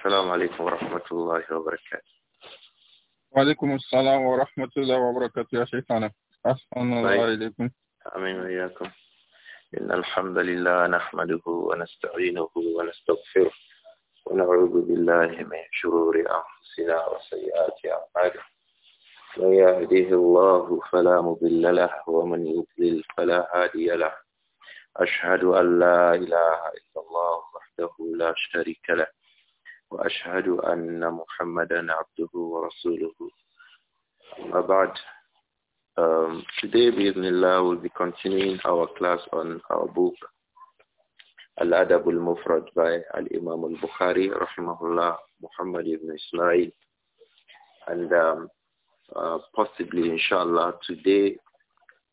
السلام عليكم ورحمة الله وبركاته وعليكم السلام ورحمة الله وبركاته يا شيخنا أحسن الله طيب. إليكم آمين وإياكم إن الحمد لله نحمده ونستعينه ونستغفره ونعوذ بالله من شرور أنفسنا وسيئات أعمالنا من يهديه الله فلا مضل له ومن يضلل فلا هادي له أشهد أن لا إله إلا الله وحده لا شريك له وأشهد أن محمدا عبده ورسوله um, today بإذن we'll be continuing our class on our book Al-Adab al-Mufrad by Al-Imam al-Bukhari rahimahullah Muhammad ibn Ismail and um, uh, possibly inshallah today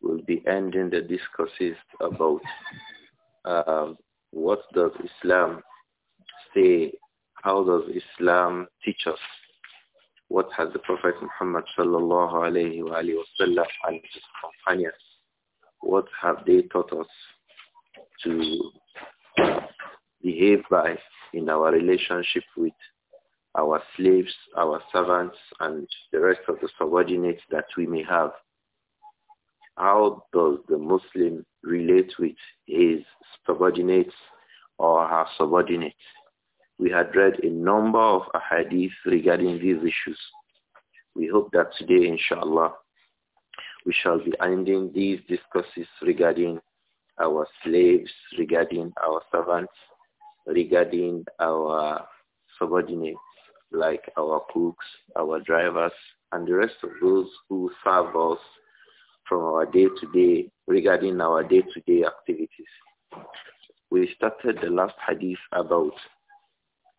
we'll be ending the discourses about uh, what does Islam say how does Islam teach us? What has the Prophet Muhammad sallallahu alayhi wa sallam and his companions, what have they taught us to behave by in our relationship with our slaves, our servants, and the rest of the subordinates that we may have. How does the Muslim relate with his subordinates or her subordinates? We had read a number of ahadith regarding these issues. We hope that today, inshallah, we shall be ending these discussions regarding our slaves, regarding our servants, regarding our subordinates, like our cooks, our drivers, and the rest of those who serve us from our day-to-day, regarding our day to -day activities. We started the last hadith about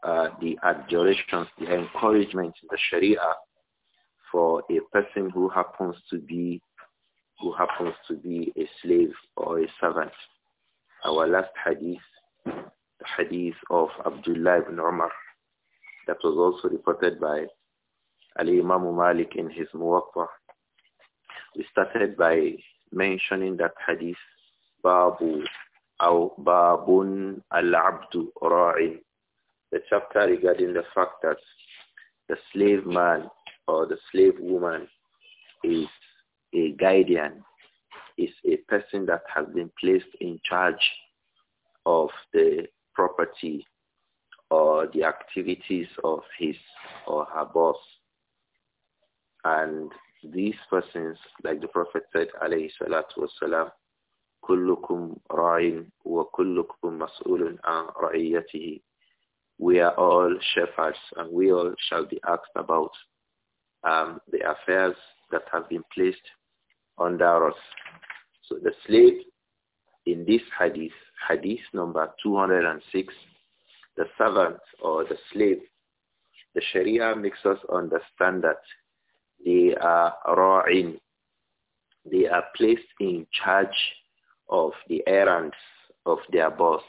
uh, the adjurations, the encouragement in the Sharia for a person who happens to be who happens to be a slave or a servant. Our last hadith, the hadith of Abdullah ibn Umar, that was also reported by Ali Imam Malik in his Muwatta. We started by mentioning that hadith, Babu أو باب العبد راع the chapter regarding the fact that the slave man or the slave woman is a guardian, is a person that has been placed in charge of the property or the activities of his or her boss. And these persons, like the Prophet said, alayhi salatu wasalam, كلكم راع وكلكم مسؤول عن رعيته we are all shepherds and we all shall be asked about um, the affairs that have been placed under us. So the slave in this hadith, hadith number 206, the servant or the slave, the Sharia makes us understand that they are ra'in. They are placed in charge of the errands of their boss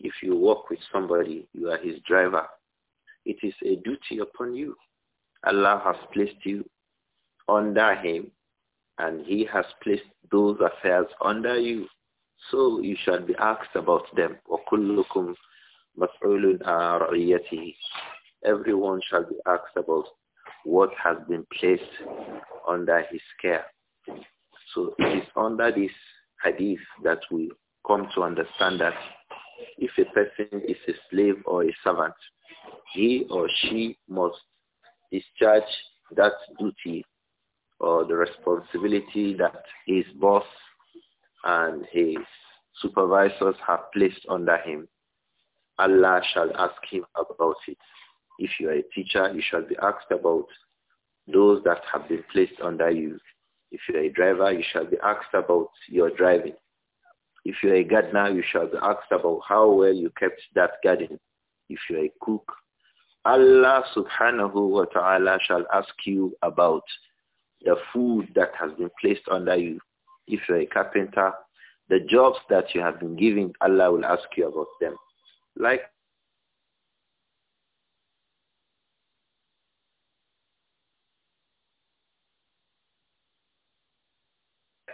if you walk with somebody, you are his driver. It is a duty upon you. Allah has placed you under him and he has placed those affairs under you. So you shall be asked about them. وَكُلُّكُمْ مَسْعُولٌ عَرْعِيَّتِهِ Everyone shall be asked about what has been placed under his care. So it is under this hadith that we come to understand that if a person is a slave or a servant, he or she must discharge that duty or the responsibility that his boss and his supervisors have placed under him. Allah shall ask him about it. If you are a teacher, you shall be asked about those that have been placed under you. If you are a driver, you shall be asked about your driving. If you're a gardener, you shall be asked about how well you kept that garden. If you're a cook, Allah subhanahu wa ta'ala shall ask you about the food that has been placed under you. If you're a carpenter, the jobs that you have been given, Allah will ask you about them. Like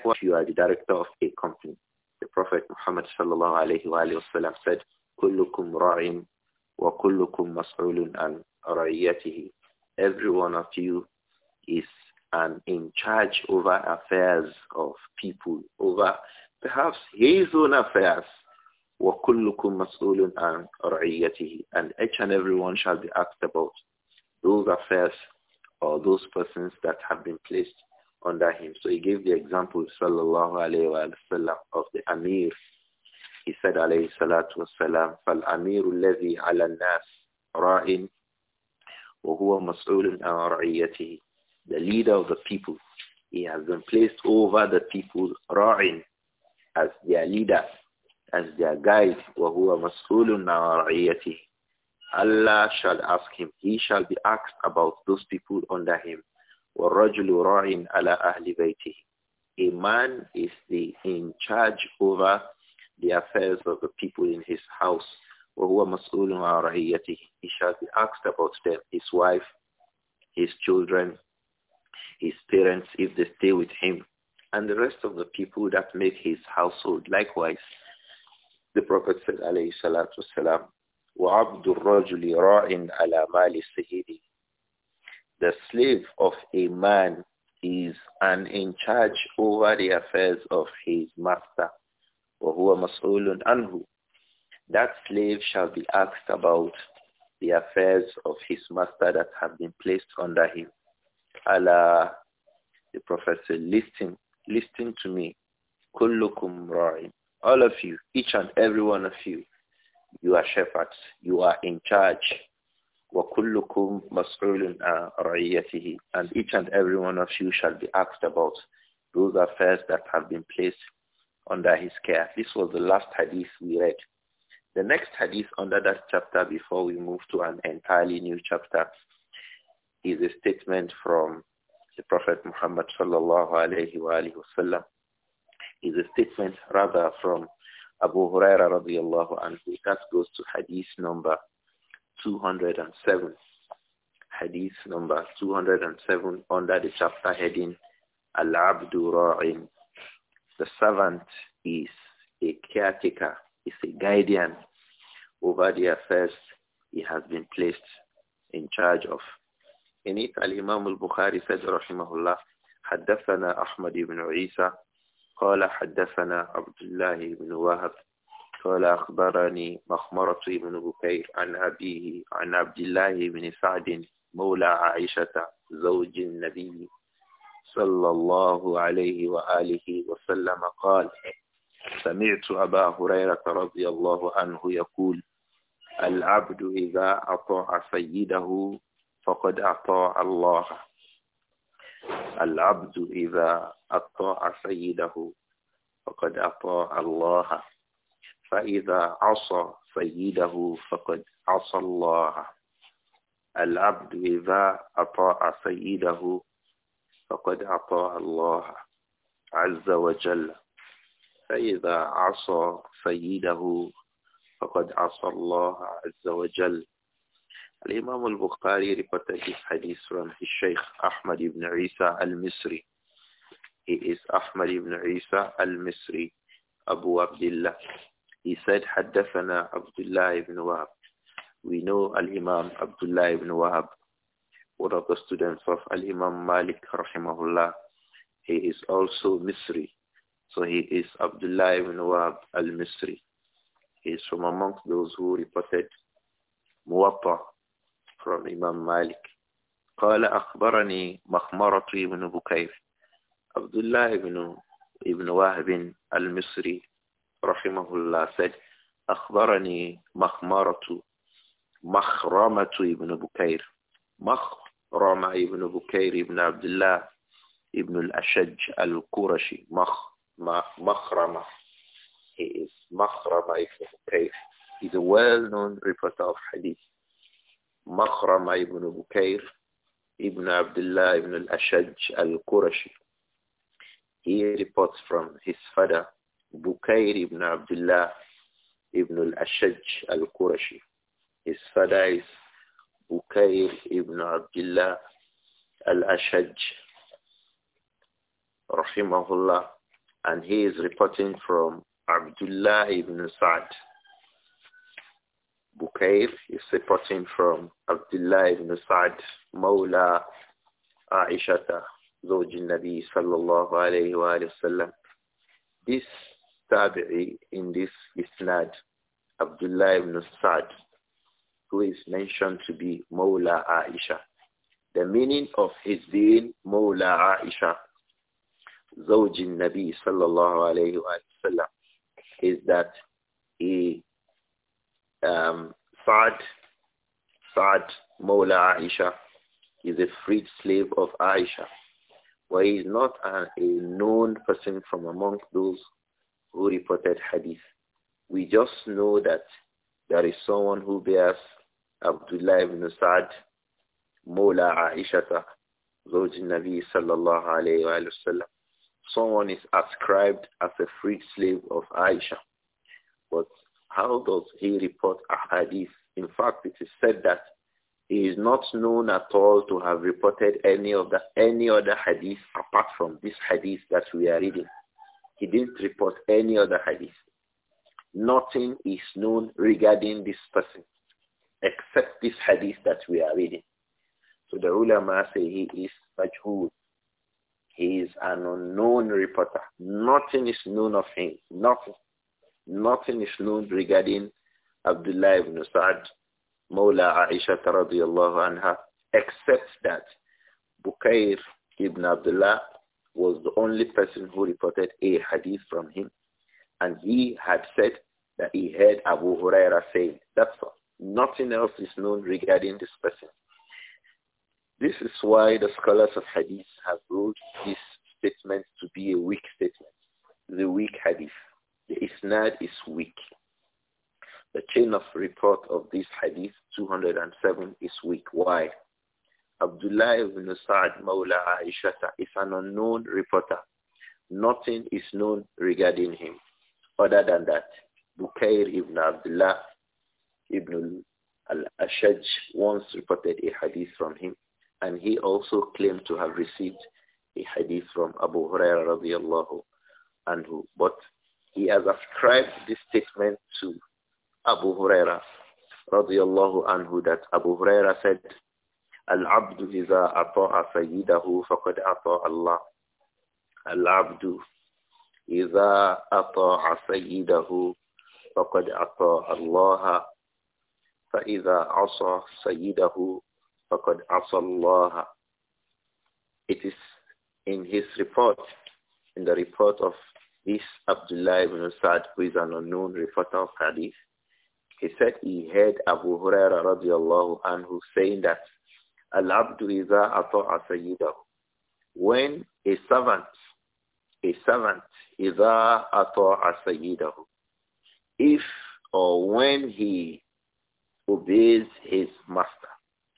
what you are the director of a company. The Prophet Muhammad sallallahu alayhi wa sallam said, كلكم راع وكلكم مسؤول عن رعيته. Every one of you is an in charge over affairs of people, over perhaps his own affairs. وكلكم مسؤول عن رعيته. And each and every one shall be asked about those affairs or those persons that have been placed under him. So he gave the example, sallallahu alayhi wa sallam, of the Amir. He said, alayhi salatu wasalam, فَالْأَمِيرُ الَّذِي عَلَى النَّاسِ رَائِن وَهُوَ مَسْئُولٌ عَنْ رَعِيَّتِهِ The leader of the people. He has been placed over the people, ra'in, as their leader, as their guide. وَهُوَ مَسْئُولٌ عَنْ رَعِيَّتِهِ Allah shall ask him. He shall be asked about those people under him. وَالرَّجُلُ رَاعٍ عَلَىٰ أَهْلِ بَيْتِهِ A man is the in charge over the affairs of the people in his house. وَهُوَ مَسْئُولٌ عَنْ رَعِيَّتِهِ He shall be asked about them, his wife, his children, his parents if they stay with him, and the rest of the people that make his household. Likewise, the Prophet said, alayhi salatu wasalam, وَعَبْدُ الرَّجُلِ رَاعٍ عَلَى مَالِ سَيِّدِهِ the slave of a man is an in charge over the affairs of his master. That slave shall be asked about the affairs of his master that have been placed under him. Allah, the Prophet said, listen, listen to me. All of you, each and every one of you, you are shepherds. You are in charge وَكُلُّكُمْ عَنْ رَعِيَّتِهِ And each and every one of you shall be asked about those affairs that have been placed under his care. This was the last hadith we read. The next hadith under that chapter before we move to an entirely new chapter is a statement from the Prophet Muhammad sallallahu alayhi wa alayhi It's Is a statement rather from Abu Huraira radiallahu anhu. That goes to hadith number 207. Hadith number 207 under the chapter heading Al-Abdu Ra'in. The servant is a caretaker, is a guardian over the affairs he has been placed in charge of. In it, Al-Imam al-Bukhari said, Rahimahullah, حدثنا أحمد بن عيسى قال حدثنا عبد الله بن وهب قال أخبرني مخمرة بن بكير عن أبيه عن عبد الله بن سعد مولى عائشة زوج النبي صلى الله عليه وآله وسلم قال سمعت أبا هريرة رضي الله عنه يقول العبد إذا أطاع سيده فقد أطاع الله العبد إذا أطاع سيده فقد أطاع الله فإذا عصى سيده فقد عصى الله العبد إذا أطاع سيده فقد أطاع الله عز وجل فإذا عصى سيده فقد عصى الله عز وجل الإمام البخاري reported حديث عن الشيخ أحمد بن عيسى المصري He is Ahmad ibn Isa al-Misri, Abu Abdullah. He said, حدثنا Abdullah ibn Wahab. We know Al-Imam Abdullah ibn Wahab, one of the students of Al-Imam Malik rahimahullah. He is also Misri. So he is Abdullah ibn Wahab al-Misri. He is from amongst those who reported Muwatta from Imam Malik. قال أخبرني مخمرة بن بكير عبد الله بن ابن وهب المصري rahimahullah said, أخبرني مخمرة مخرمة ابن بكير مخرمة ابن بكير ابن عبد الله ابن الأشج القرشي مخ مخرمة he is مخرمة ابن بكير is a well-known reporter of hadith مخرمة ابن بكير ابن عبد الله ابن الأشج القرشي he reports from his father Bukair ibn Abdullah ibn al-Ashaj al-Qurashi. His father is Bukair ibn Abdullah al-Ashaj, rahimahullah, and he is reporting from Abdullah ibn Sa'd. Bukair is reporting from Abdullah ibn Sa'd, Mawla Aishata, Zawj al-Nabi sallallahu alayhi wa sallam. This in this isnad, Abdullah ibn is mentioned to be Mawla Aisha. The meaning of his being Mawla Aisha, Zawjin Nabi sallallahu alayhi wa sallam, is that he, um, Sa'd, Sa'd, Mawla Aisha, is a freed slave of Aisha. But he is not a, a known person from among those who reported hadith. We just know that there is someone who bears Abdullah ibn Sa'd, Mawla Aishata, Zawj Nabi sallallahu alayhi wa sallam. Someone is ascribed as a freed slave of Aisha. But how does he report a hadith? In fact, it is said that he is not known at all to have reported any of the, any other hadith apart from this hadith that we are reading. He didn't report any other hadith. Nothing is known regarding this person except this hadith that we are reading. So the ulama say he is majhul. He is an unknown reporter. Nothing is known of him. Nothing. Nothing is known regarding Abdullah ibn Sa'd, Mawla Aisha radiyallahu anha, except that Bukair ibn Abdullah was the only person who reported a hadith from him. And he had said that he heard Abu Huraira say, that's all. Nothing else is known regarding this person. This is why the scholars of hadith have ruled this statement to be a weak statement, the weak hadith. The isnad is weak. The chain of report of this hadith 207 is weak. Why? Abdullah ibn Saad Mawla Aisha is an unknown reporter. Nothing is known regarding him other than that. Bukair ibn Abdullah ibn al-Ashaj once reported a hadith from him and he also claimed to have received a hadith from Abu Hurairah radiallahu anhu. But he has ascribed this statement to Abu Huraira radiallahu anhu that Abu Huraira said Al-abdu iza ata'a sayyidahu faqad ata'a Allah. Al-abdu iza ata'a sayyidahu faqad ata'a Allah. فإذا عصى سيده فقد عصى الله. It is in his report, in the report of this Abdullah ibn Sa'd, who is an unknown reporter of hadith, he said he heard Abu Huraira radiallahu anhu saying that Al-abdu iza ata'a When a servant, a servant, iza ata'a If or when he obeys his master.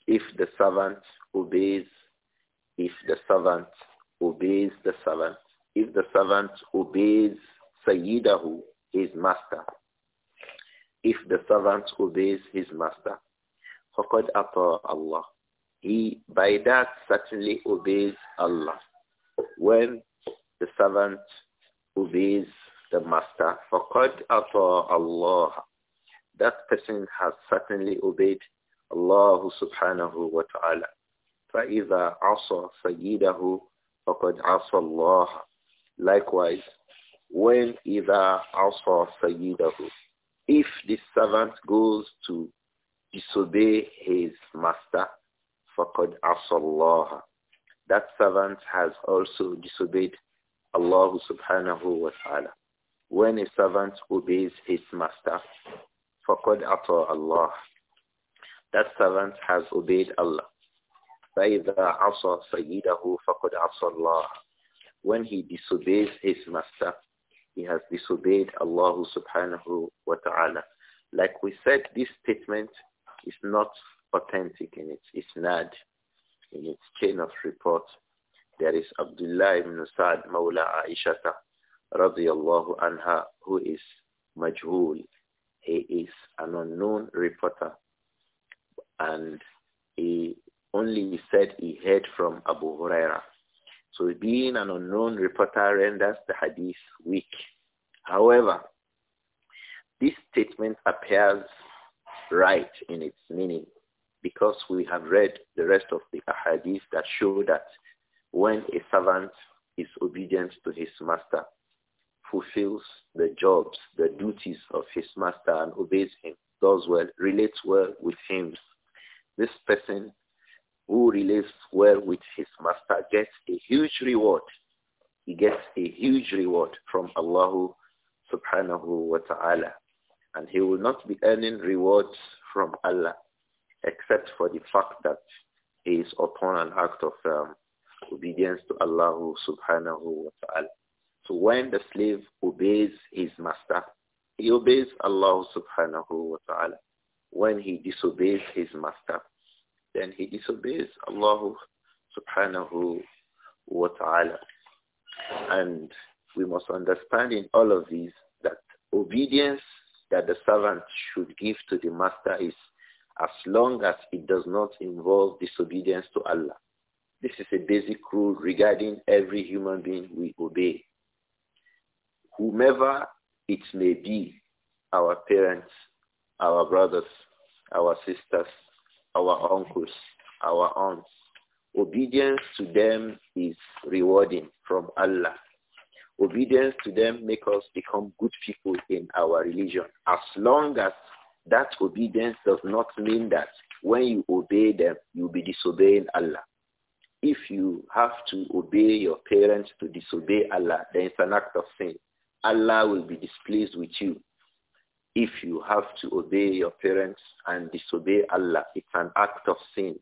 If the servant obeys, if the servant obeys the servant, if the servant obeys Sayyidahu, his master, if the servant obeys his master, فَقَدْ أَطَاءَ Allah he by that certainly obeys Allah. When the servant obeys the master, فَقَدْ أَطَاعَ اللَّهَ That person has certainly obeyed Allah subhanahu wa ta'ala. فَإِذَا عَصَى سَيِّدَهُ فَقَدْ عَصَى اللَّهَ Likewise, when إِذَا عَصَى سَيِّدَهُ If the servant goes to disobey his master, that servant has also disobeyed Allah subhanahu wa ta'ala. When a servant obeys his master, فَقَدْ Ata Allah. That servant has obeyed Allah. فَإِذَا عَصَى سَيِّدَهُ فَقَدْ عَصَى اللَّهَ When he disobeys his master, he has disobeyed Allah subhanahu wa ta'ala. Like we said, this statement is not authentic in its isnad, in its chain of report. There is Abdullah ibn Sa'd Mawla Aishata radiyallahu anha who is majhul. He is an unknown reporter and he only said he heard from Abu Huraira. So being an unknown reporter renders the hadith weak. However, this statement appears right in its meaning because we have read the rest of the hadith that show that when a servant is obedient to his master, fulfills the jobs, the duties of his master and obeys him, does well, relates well with him, this person who relates well with his master gets a huge reward. He gets a huge reward from Allah subhanahu wa ta'ala. And he will not be earning rewards from Allah except for the fact that he is upon an act of um, obedience to Allah subhanahu wa ta'ala. So when the slave obeys his master, he obeys Allah subhanahu wa ta'ala. When he disobeys his master, then he disobeys Allah subhanahu wa ta'ala. And we must understand in all of these that obedience that the servant should give to the master is as long as it does not involve disobedience to Allah. This is a basic rule regarding every human being we obey. Whomever it may be, our parents, our brothers, our sisters, our uncles, our aunts, obedience to them is rewarding from Allah. Obedience to them make us become good people in our religion as long as that obedience does not mean that when you obey them, you'll be disobeying Allah. If you have to obey your parents to disobey Allah, then it's an act of sin. Allah will be displeased with you. If you have to obey your parents and disobey Allah, it's an act of sin.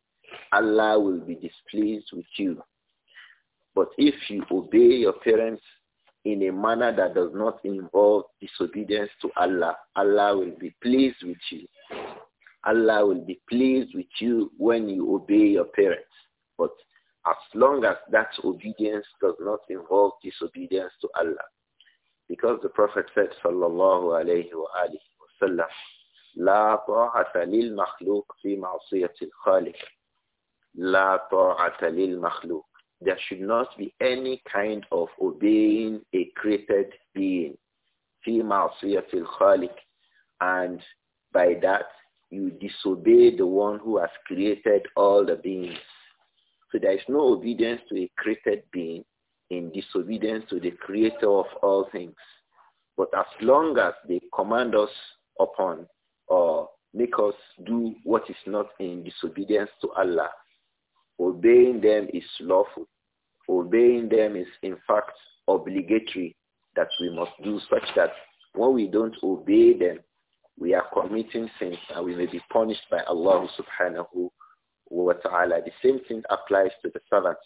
Allah will be displeased with you. But if you obey your parents in a manner that does not involve disobedience to Allah. Allah will be pleased with you. Allah will be pleased with you when you obey your parents. But as long as that obedience does not involve disobedience to Allah. Because the Prophet said, sallallahu alayhi wa alihi wa لا طاعة للمخلوق في معصية الخالق. لا طاعة للمخلوق. There should not be any kind of obeying a created being. Female female, And by that, you disobey the one who has created all the beings. So there is no obedience to a created being in disobedience to the creator of all things. But as long as they command us upon or make us do what is not in disobedience to Allah, obeying them is lawful obeying them is in fact obligatory that we must do such that when we don't obey them, we are committing sins and we may be punished by Allah subhanahu wa ta'ala. The same thing applies to the servant.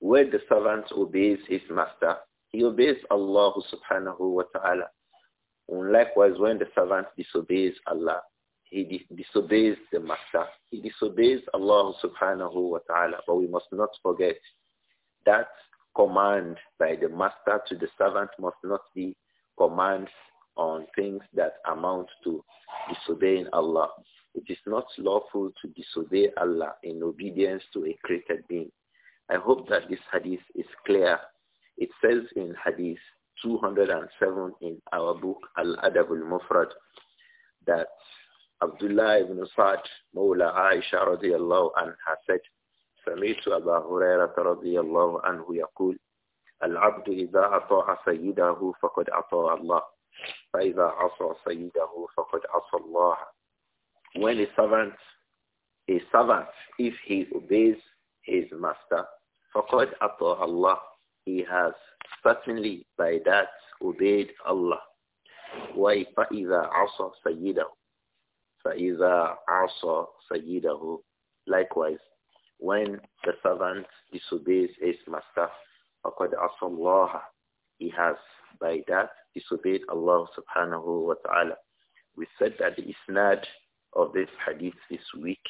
When the servant obeys his master, he obeys Allah subhanahu wa ta'ala. And likewise, when the servant disobeys Allah, he disobeys the master. He disobeys Allah subhanahu wa ta'ala. But we must not forget that command by the master to the servant must not be commands on things that amount to disobeying Allah. It is not lawful to disobey Allah in obedience to a created being. I hope that this hadith is clear. It says in hadith 207 in our book Al-Adab al-Mufrad that Abdullah ibn Sa'd, Mawla Aisha radiallahu anha said, سمعت أبا هريرة رضي الله عنه يقول العبد إذا أطاع سيده فقد أطاع الله فإذا عصى سيده فقد عصى الله When a servant, a servant, if he obeys his master, فقد أطاع الله He has certainly by that obeyed Allah. وَإِذَا عَصَى سَيِّدَهُ فَإِذَا عَصَى سَيِّدَهُ Likewise, when the servant disobeys his master, according to Allah, He has by that disobeyed Allah subhanahu wa ta'ala. We said that the isnad of this hadith is weak,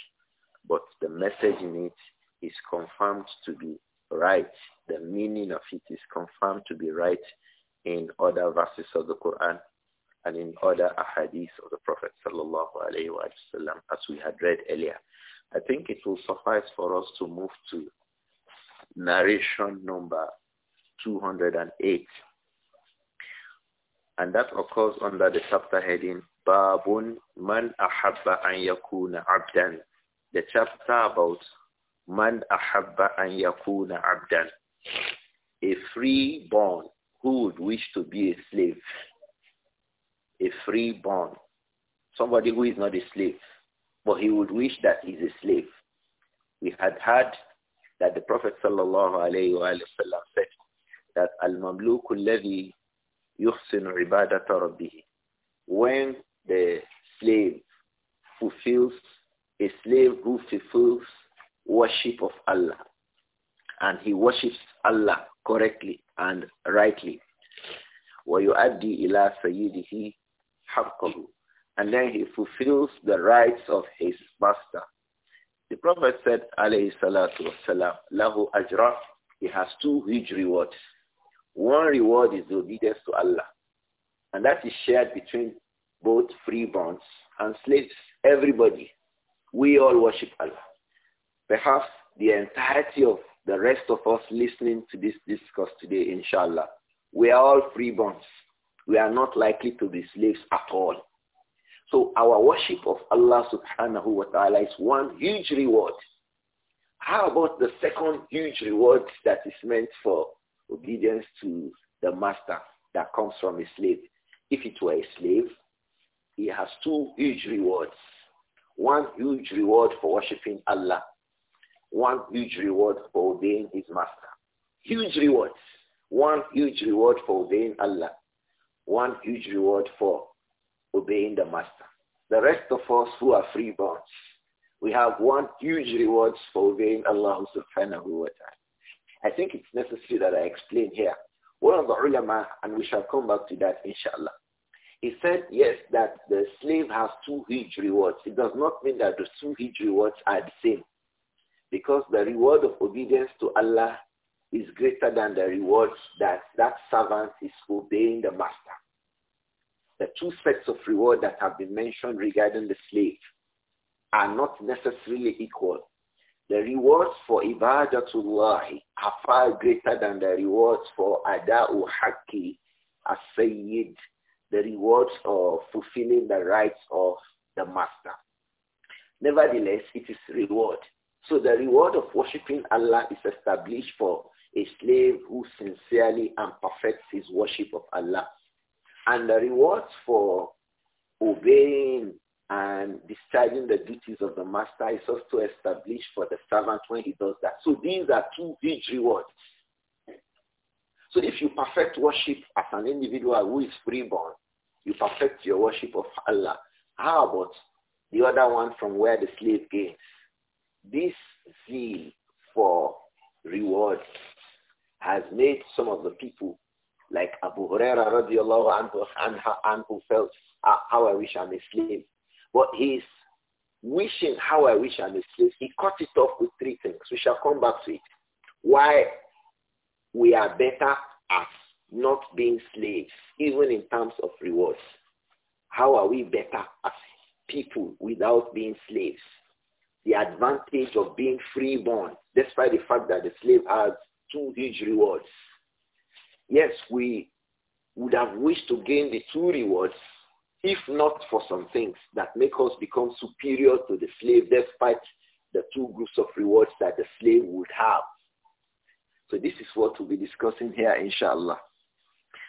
but the message in it is confirmed to be right. The meaning of it is confirmed to be right in other verses of the Quran and in other ahadith of the Prophet sallallahu alaihi wasallam as we had read earlier. I think it will suffice for us to move to narration number 208. And that occurs under the chapter heading Babun Man Ahabba An Yakuna Abdan. The chapter about Man Ahabba An Yakuna Abdan. A freeborn who would wish to be a slave. A freeborn. Somebody who is not a slave. For he would wish that he's a slave. We had heard that the Prophet sallallahu said that al-mamluku alladhi yuhsinu ibadata rabbih. When the slave fulfills, a slave who fulfills worship of Allah, and he worships Allah correctly and rightly, وَيُؤَدِّي إِلَى سَيِّدِهِ حَقَّهُ and then he fulfills the rights of his master. The Prophet said, alayhi salatu wasalam, lahu ajra, he has two huge rewards. One reward is obedience to Allah, and that is shared between both freeborns and slaves, everybody. We all worship Allah. Perhaps the entirety of the rest of us listening to this discourse today, inshallah, we are all freeborns. We are not likely to be slaves at all. So our worship of Allah subhanahu wa ta'ala is one huge reward. How about the second huge reward that is meant for obedience to the master that comes from a slave? If it were a slave, he has two huge rewards. One huge reward for worshipping Allah. One huge reward for obeying his master. Huge rewards. One huge reward for obeying Allah. One huge reward for obeying the master. The rest of us who are freeborns, we have one huge reward for obeying Allah subhanahu wa ta'ala. I think it's necessary that I explain here. One of the ulama, and we shall come back to that inshallah, he said, yes, that the slave has two huge rewards. It does not mean that the two huge rewards are the same. Because the reward of obedience to Allah is greater than the rewards that that servant is obeying the master the two sets of reward that have been mentioned regarding the slave are not necessarily equal. The rewards for ibadatullah are far greater than the rewards for ada'u haqqi as-sayyid, the rewards of fulfilling the rights of the master. Nevertheless, it is reward. So the reward of worshipping Allah is established for a slave who sincerely and perfects his worship of Allah and the rewards for obeying and discharging the duties of the master is also established for the servant when he does that. So these are two big rewards. So if you perfect worship as an individual who is freeborn, you perfect your worship of Allah. How about the other one from where the slave gains? This zeal for reward has made some of the people like Abu Huraira radiallahu anhu, anhu, who felt, ah, how I wish I'm a slave. But he's wishing how I wish I'm a slave, he cut it off with three things. We shall come back to it. Why we are better at not being slaves, even in terms of rewards. How are we better as people without being slaves? The advantage of being freeborn, despite the fact that the slave has two huge rewards yes, we would have wished to gain the two rewards if not for some things that make us become superior to the slave despite the two groups of rewards that the slave would have. So this is what we'll be discussing here, inshallah.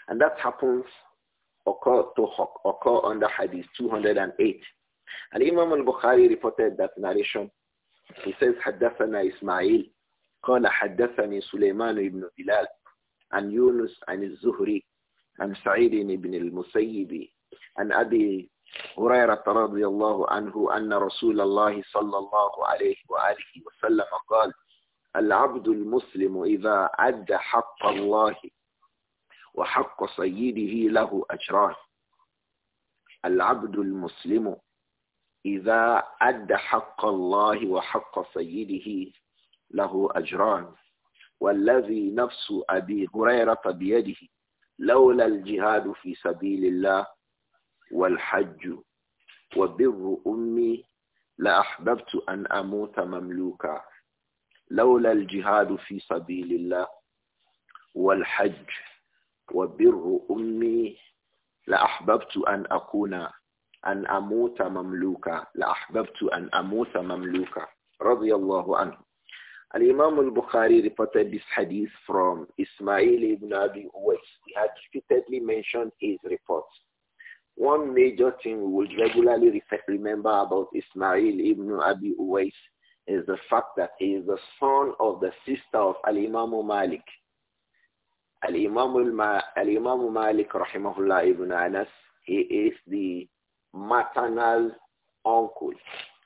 And that happens occur to occur under Hadith 208. And Imam al-Bukhari reported that narration. He says, حدثنا إسماعيل قال حدثني سليمان بن بلال عن يونس عن الزهري عن سعيد بن المسيب عن أبي هريرة رضي الله عنه أن رسول الله صلى الله عليه وآله وسلم قال العبد المسلم إذا أدى حق الله وحق سيده له أجران العبد المسلم إذا أدى حق الله وحق سيده له أجران والذي نفس أبي هريرة بيده لولا الجهاد في سبيل الله والحج وبر أمي لأحببت أن أموت مملوكا لولا الجهاد في سبيل الله والحج وبر أمي لأحببت أن أكون أن أموت مملوكا لأحببت أن أموت مملوكا رضي الله عنه Al-Imam bukhari reported this hadith from Ismail ibn Abi Uwais. He had repeatedly mentioned his reports. One major thing we will regularly remember about Ismail ibn Abi Uwais is the fact that he is the son of the sister of Al-Imam Malik. Al-Imam, al al Malik rahimahullah ibn Anas, he is the maternal uncle,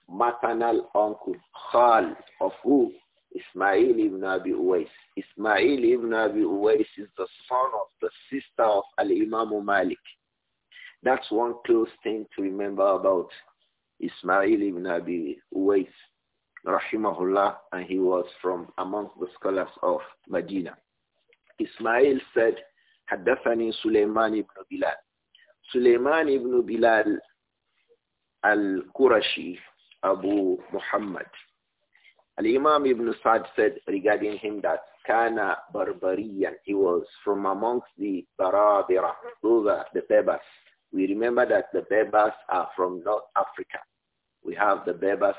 maternal uncle, Khal, of who? Ismail ibn Abi Uwais. Ismail ibn Abi Uwais is the son of the sister of Al-Imam Malik. That's one close thing to remember about Ismail ibn Abi Uwais, rahimahullah, and he was from amongst the scholars of Medina. Ismail said, حدثني سليمان ibn Bilal. Suleiman ibn Bilal al-Qurashi, Abu Muhammad. Al-Imam Ibn Sa'd said regarding him that Kana Barbarian, he was from amongst the Barabira, those the Berbers. We remember that the Berbers are from North Africa. We have the Berbers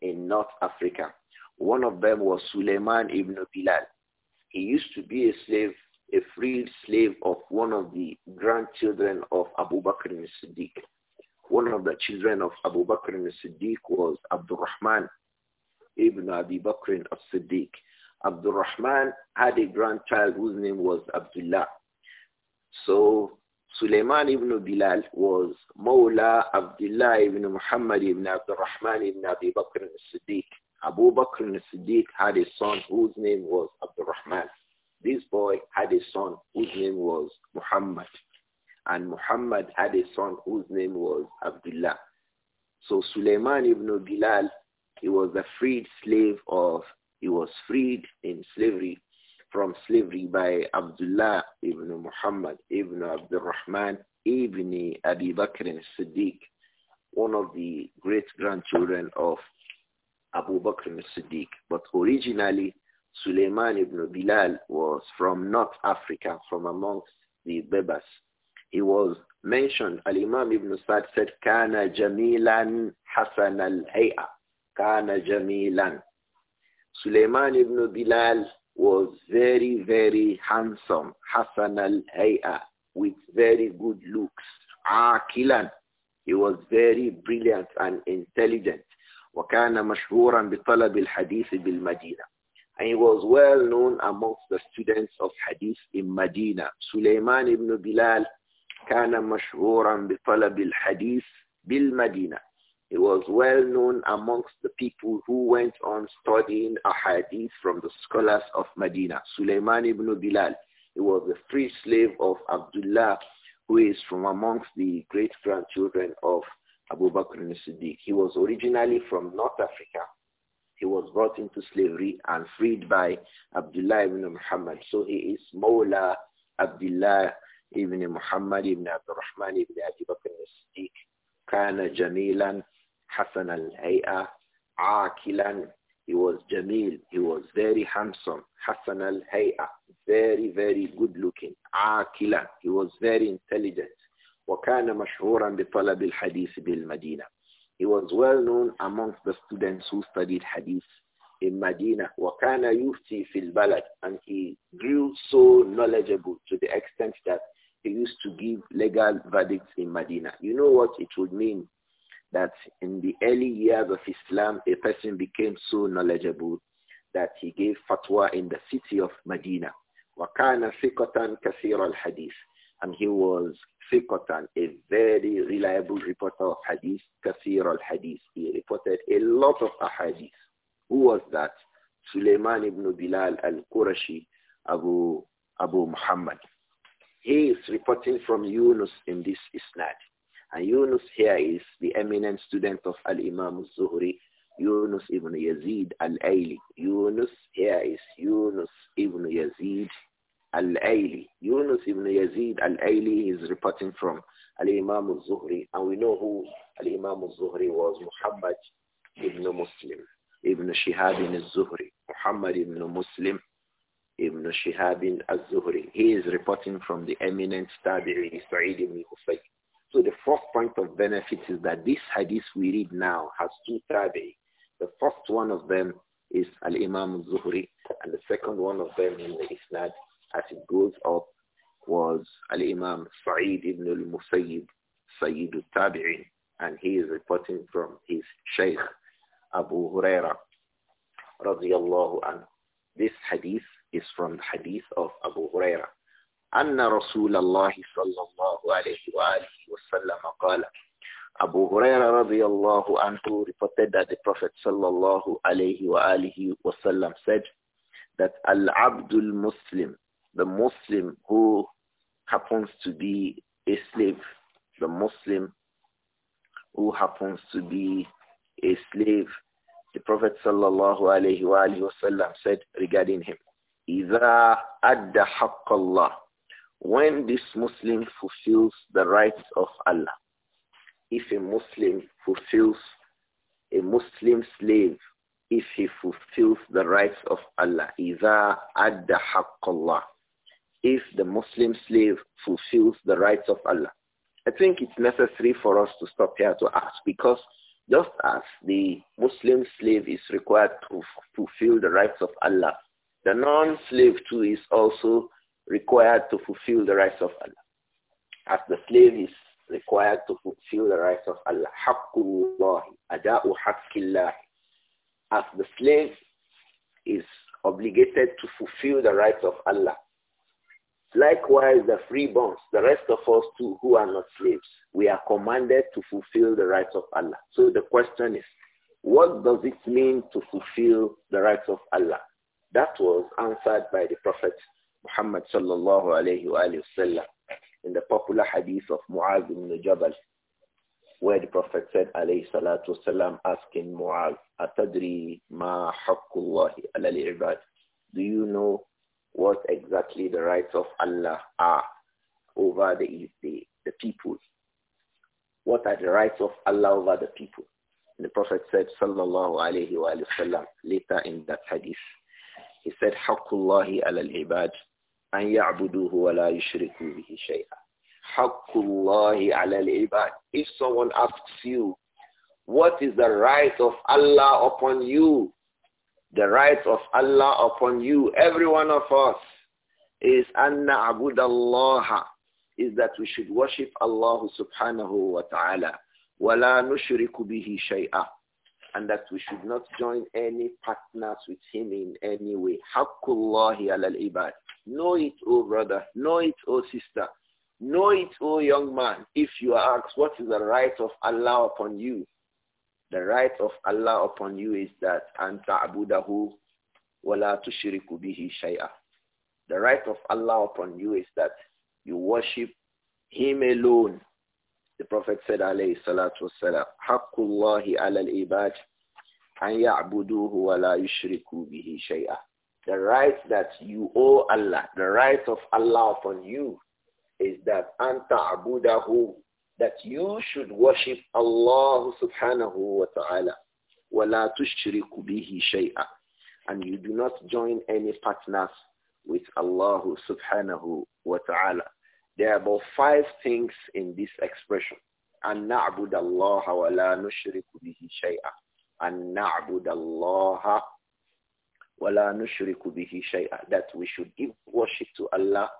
in North Africa. One of them was Suleiman ibn Bilal. He used to be a slave, a freed slave of one of the grandchildren of Abu Bakr al-Siddiq. One of the children of Abu Bakr al-Siddiq was Abdurrahman Ibn Abi Bakr as-Siddiq. Abdul Rahman had a grandchild whose name was Abdullah. So Suleiman ibn Bilal was Mawla Abdullah ibn Muhammad ibn Abdul Rahman ibn Abi Bakr as-Siddiq. Abu Bakr as-Siddiq had a son whose name was Abdul Rahman. This boy had a son whose name was Muhammad. And Muhammad had a son whose name was Abdullah. So Suleiman ibn Bilal he was the freed slave of, he was freed in slavery from slavery by Abdullah ibn Muhammad ibn Abdul Rahman ibn Abi Bakr siddiq one of the great-grandchildren of Abu Bakr siddiq But originally, Suleiman ibn Bilal was from North Africa, from amongst the Bebas. He was mentioned, Al-Imam ibn Sa'd said, Kana Jamilan Hasan al-Hay'a. Kana Jamilan. Suleiman ibn Bilal was very, very handsome, Hassan al-Hay'a, with very good looks. Akilan. He was very brilliant and intelligent. وكان مشهورا بطلب الحديث Madina. And he was well known amongst the students of hadith in Medina. Suleiman ibn Bilal كان مشهورا بطلب الحديث Madina. He was well known amongst the people who went on studying ahadith from the scholars of Medina, Suleiman ibn Bilal. He was a free slave of Abdullah, who is from amongst the great-grandchildren of Abu Bakr al-Siddiq. He was originally from North Africa. He was brought into slavery and freed by Abdullah ibn Muhammad. So he is Mawla Abdullah ibn Muhammad ibn Abdurrahman ibn Abi Bakr al-Siddiq. كان جميلا حسن al-Hay'a, He was جميل. He was very handsome. حسن al very, very good looking. Akilan. He was very intelligent. وكان مشهورا بطلب الحديث بالمدينة. He was well known amongst the students who studied hadith in Medina. وَكَانَ يُفْتِي فِي الْبَلَدِ And he grew so knowledgeable to the extent that he used to give legal verdicts in Medina. You know what it would mean that in the early years of Islam, a person became so knowledgeable that he gave fatwa in the city of Medina. وَكَانَ ثِقَةً كَثِيرَ الْحَدِيثِ And he was ثِقَةً, a very reliable reporter of hadith, كَثِيرَ الْحَدِيث. He reported a lot of ahadith. Who was that? Sulaiman ibn Bilal al-Qurashi, Abu, Abu Muhammad. He is reporting from Yunus in this isnad. And Yunus here is the eminent student of Al-Imam al-Zuhri, Yunus ibn Yazid al-Aili. Yunus here is Yunus ibn Yazid al-Aili. Yunus ibn Yazid al-Aili is reporting from Al-Imam al-Zuhri. And we know who Al-Imam al-Zuhri was, Muhammad ibn Muslim, ibn Shihab al-Zuhri. Muhammad ibn Muslim Ibn Shihab al-Zuhri. He is reporting from the eminent Tabi'i Sa'id ibn Husayn. So the first point of benefit is that this hadith we read now has two tabi. The first one of them is Al-Imam Zuhri, and the second one of them in the Isnad, as it goes up, was Al-Imam Sa'id ibn al-Musayyib, Sayyid al-Tabi'in, and he is reporting from his Shaykh, Abu Huraira, radiallahu anhu. This hadith is from the hadith of Abu Huraira, أن رسول الله صلى الله عليه وآله وسلم قال Abu Huraira radiallahu anhu reported that the Prophet sallallahu alayhi wa alihi said that al-abdul muslim, the Muslim who happens to be a slave, the Muslim who happens to be a slave, the Prophet sallallahu alayhi wa alihi said regarding him, إِذَا أدى حَقَّ اللَّهِ when this Muslim fulfills the rights of Allah, if a Muslim fulfills a Muslim slave, if he fulfills the rights of Allah, إِذَا أَدَّ حَقَّ اللَّهِ If the Muslim slave fulfills the rights of Allah. I think it's necessary for us to stop here to ask because just as the Muslim slave is required to fulfill the rights of Allah, the non-slave too is also required to fulfill the rights of Allah. As the slave is required to fulfill the rights of Allah. ada'u As the slave is obligated to fulfill the rights of Allah. Likewise, the freeborns, the rest of us too who are not slaves, we are commanded to fulfill the rights of Allah. So the question is, what does it mean to fulfill the rights of Allah? That was answered by the Prophet Muhammad sallallahu alayhi wa sallam in the popular hadith of Mu'adh ibn Jabal where the Prophet said alayhi salatu wasalam asking Mu'az, Atadri ma haqqullahi ala al-ibad Do you know what exactly the rights of Allah are over the, the, the people? What are the rights of Allah over the people? And the Prophet said sallallahu alayhi wa sallam later in that hadith he said, حَقُّ اللَّهِ عَلَى الْعِبَادِ أَنْ يَعْبُدُوهُ وَلَا يُشْرِكُوا بِهِ شَيْئًا حَقُّ اللَّهِ عَلَى الْعِبَادِ If someone asks you, what is the right of Allah upon you? The right of Allah upon you, every one of us, is أَنَّ عَبُدَ اللَّهَ is that we should worship Allah subhanahu wa ta'ala. وَلَا نُشْرِكُ بِهِ شَيْئًا and that we should not join any partners with him in any way. Hakullahi al ibad. Know it, O brother. Know it, O sister. Know it, O young man. If you are asked, what is the right of Allah upon you? The right of Allah upon you is that anta abudahu wa la tushriku bihi shay'a. The right of Allah upon you is that you worship him alone the Prophet said, alayhi salatu wasalam, حَقُّ اللَّهِ عَلَى الْعِبَادِ أَنْ يَعْبُدُوهُ وَلَا يُشْرِكُوا بِهِ شَيْئًا The right that you owe Allah, the right of Allah upon you is that أَنْ تَعْبُدَهُ That you should worship Allah subhanahu wa ta'ala وَلَا تُشْرِكُ بِهِ شَيْئًا And you do not join any partners with Allah subhanahu wa ta'ala. There are about five things in this expression. أن نعبد الله ولا نشرك به شيئا أن نعبد الله ولا نشرك به شيئا that we should give worship to Allah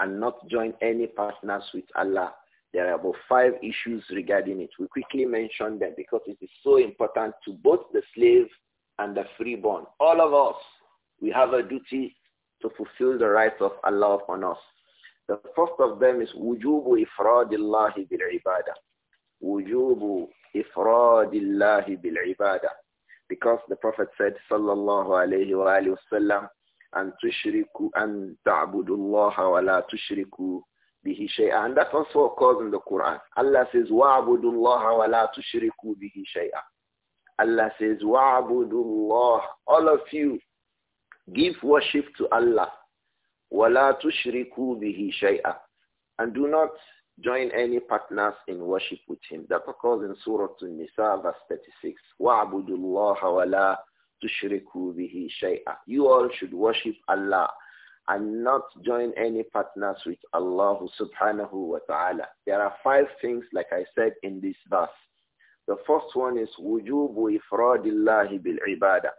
and not join any partners with Allah. There are about five issues regarding it. We quickly mention them because it is so important to both the slave and the freeborn. All of us, we have a duty to fulfill the rights of Allah upon us. The first of them is وجوب إفراد الله بالعبادة. وجوب إفراد الله بالعبادة. Because the Prophet said صلى الله عليه وآله وسلم أن تشركوا أن تعبدوا الله ولا تشركوا به شيئا. And that also occurs in the Quran. Allah says وَاعْبُدُوا اللَّهَ وَلَا تُشْرِكُوا بِهِ شَيْئًا. Allah says وَاعْبُدُوا اللَّهَ All of you give worship to Allah وَلَا تُشْرِكُوا بِهِ شَيْئًا And do not join any partners in worship with him. That occurs in Surah An-Nisa, verse 36. وَعْبُدُ اللَّهَ وَلَا تُشْرِكُوا بِهِ شَيْئًا You all should worship Allah and not join any partners with Allah subhanahu wa ta'ala. There are five things, like I said in this verse. The first one is وُجُوبُ إِفْرَادِ اللَّهِ بِالْعِبَادَةِ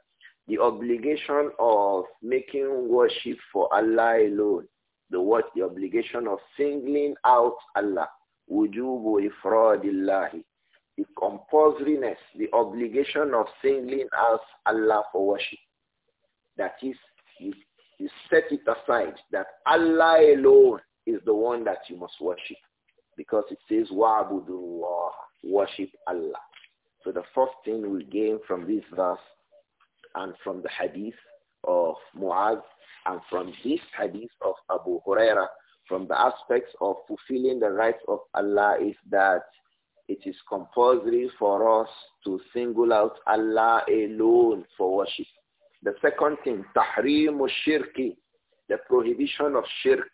the obligation of making worship for Allah alone, the what the obligation of singling out Allah, wujubu ifradillahi, the compulsoriness, the obligation of singling out Allah for worship. That is, you, you set it aside that Allah alone is the one that you must worship. Because it says, wa'budullah, worship Allah. So the first thing we gain from this verse and from the hadith of Muaz and from this hadith of Abu Huraira, from the aspects of fulfilling the rights of Allah is that it is compulsory for us to single out Allah alone for worship. The second thing, tahrim shirki, the prohibition of shirk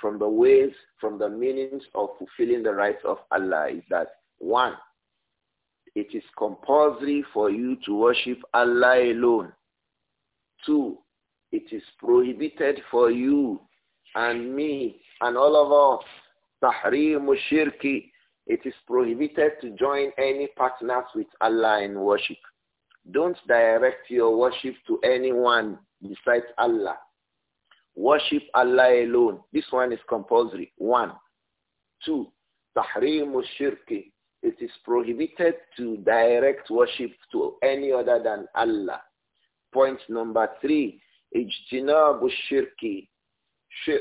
from the ways, from the meanings of fulfilling the rights of Allah is that one, it is compulsory for you to worship Allah alone. Two, it is prohibited for you and me and all of us. Tahrim shirki. It is prohibited to join any partners with Allah in worship. Don't direct your worship to anyone besides Allah. Worship Allah alone. This one is compulsory. One. Two. Tahrim shirki. It is prohibited to direct worship to any other than Allah. Point number three, اجتناب الشرك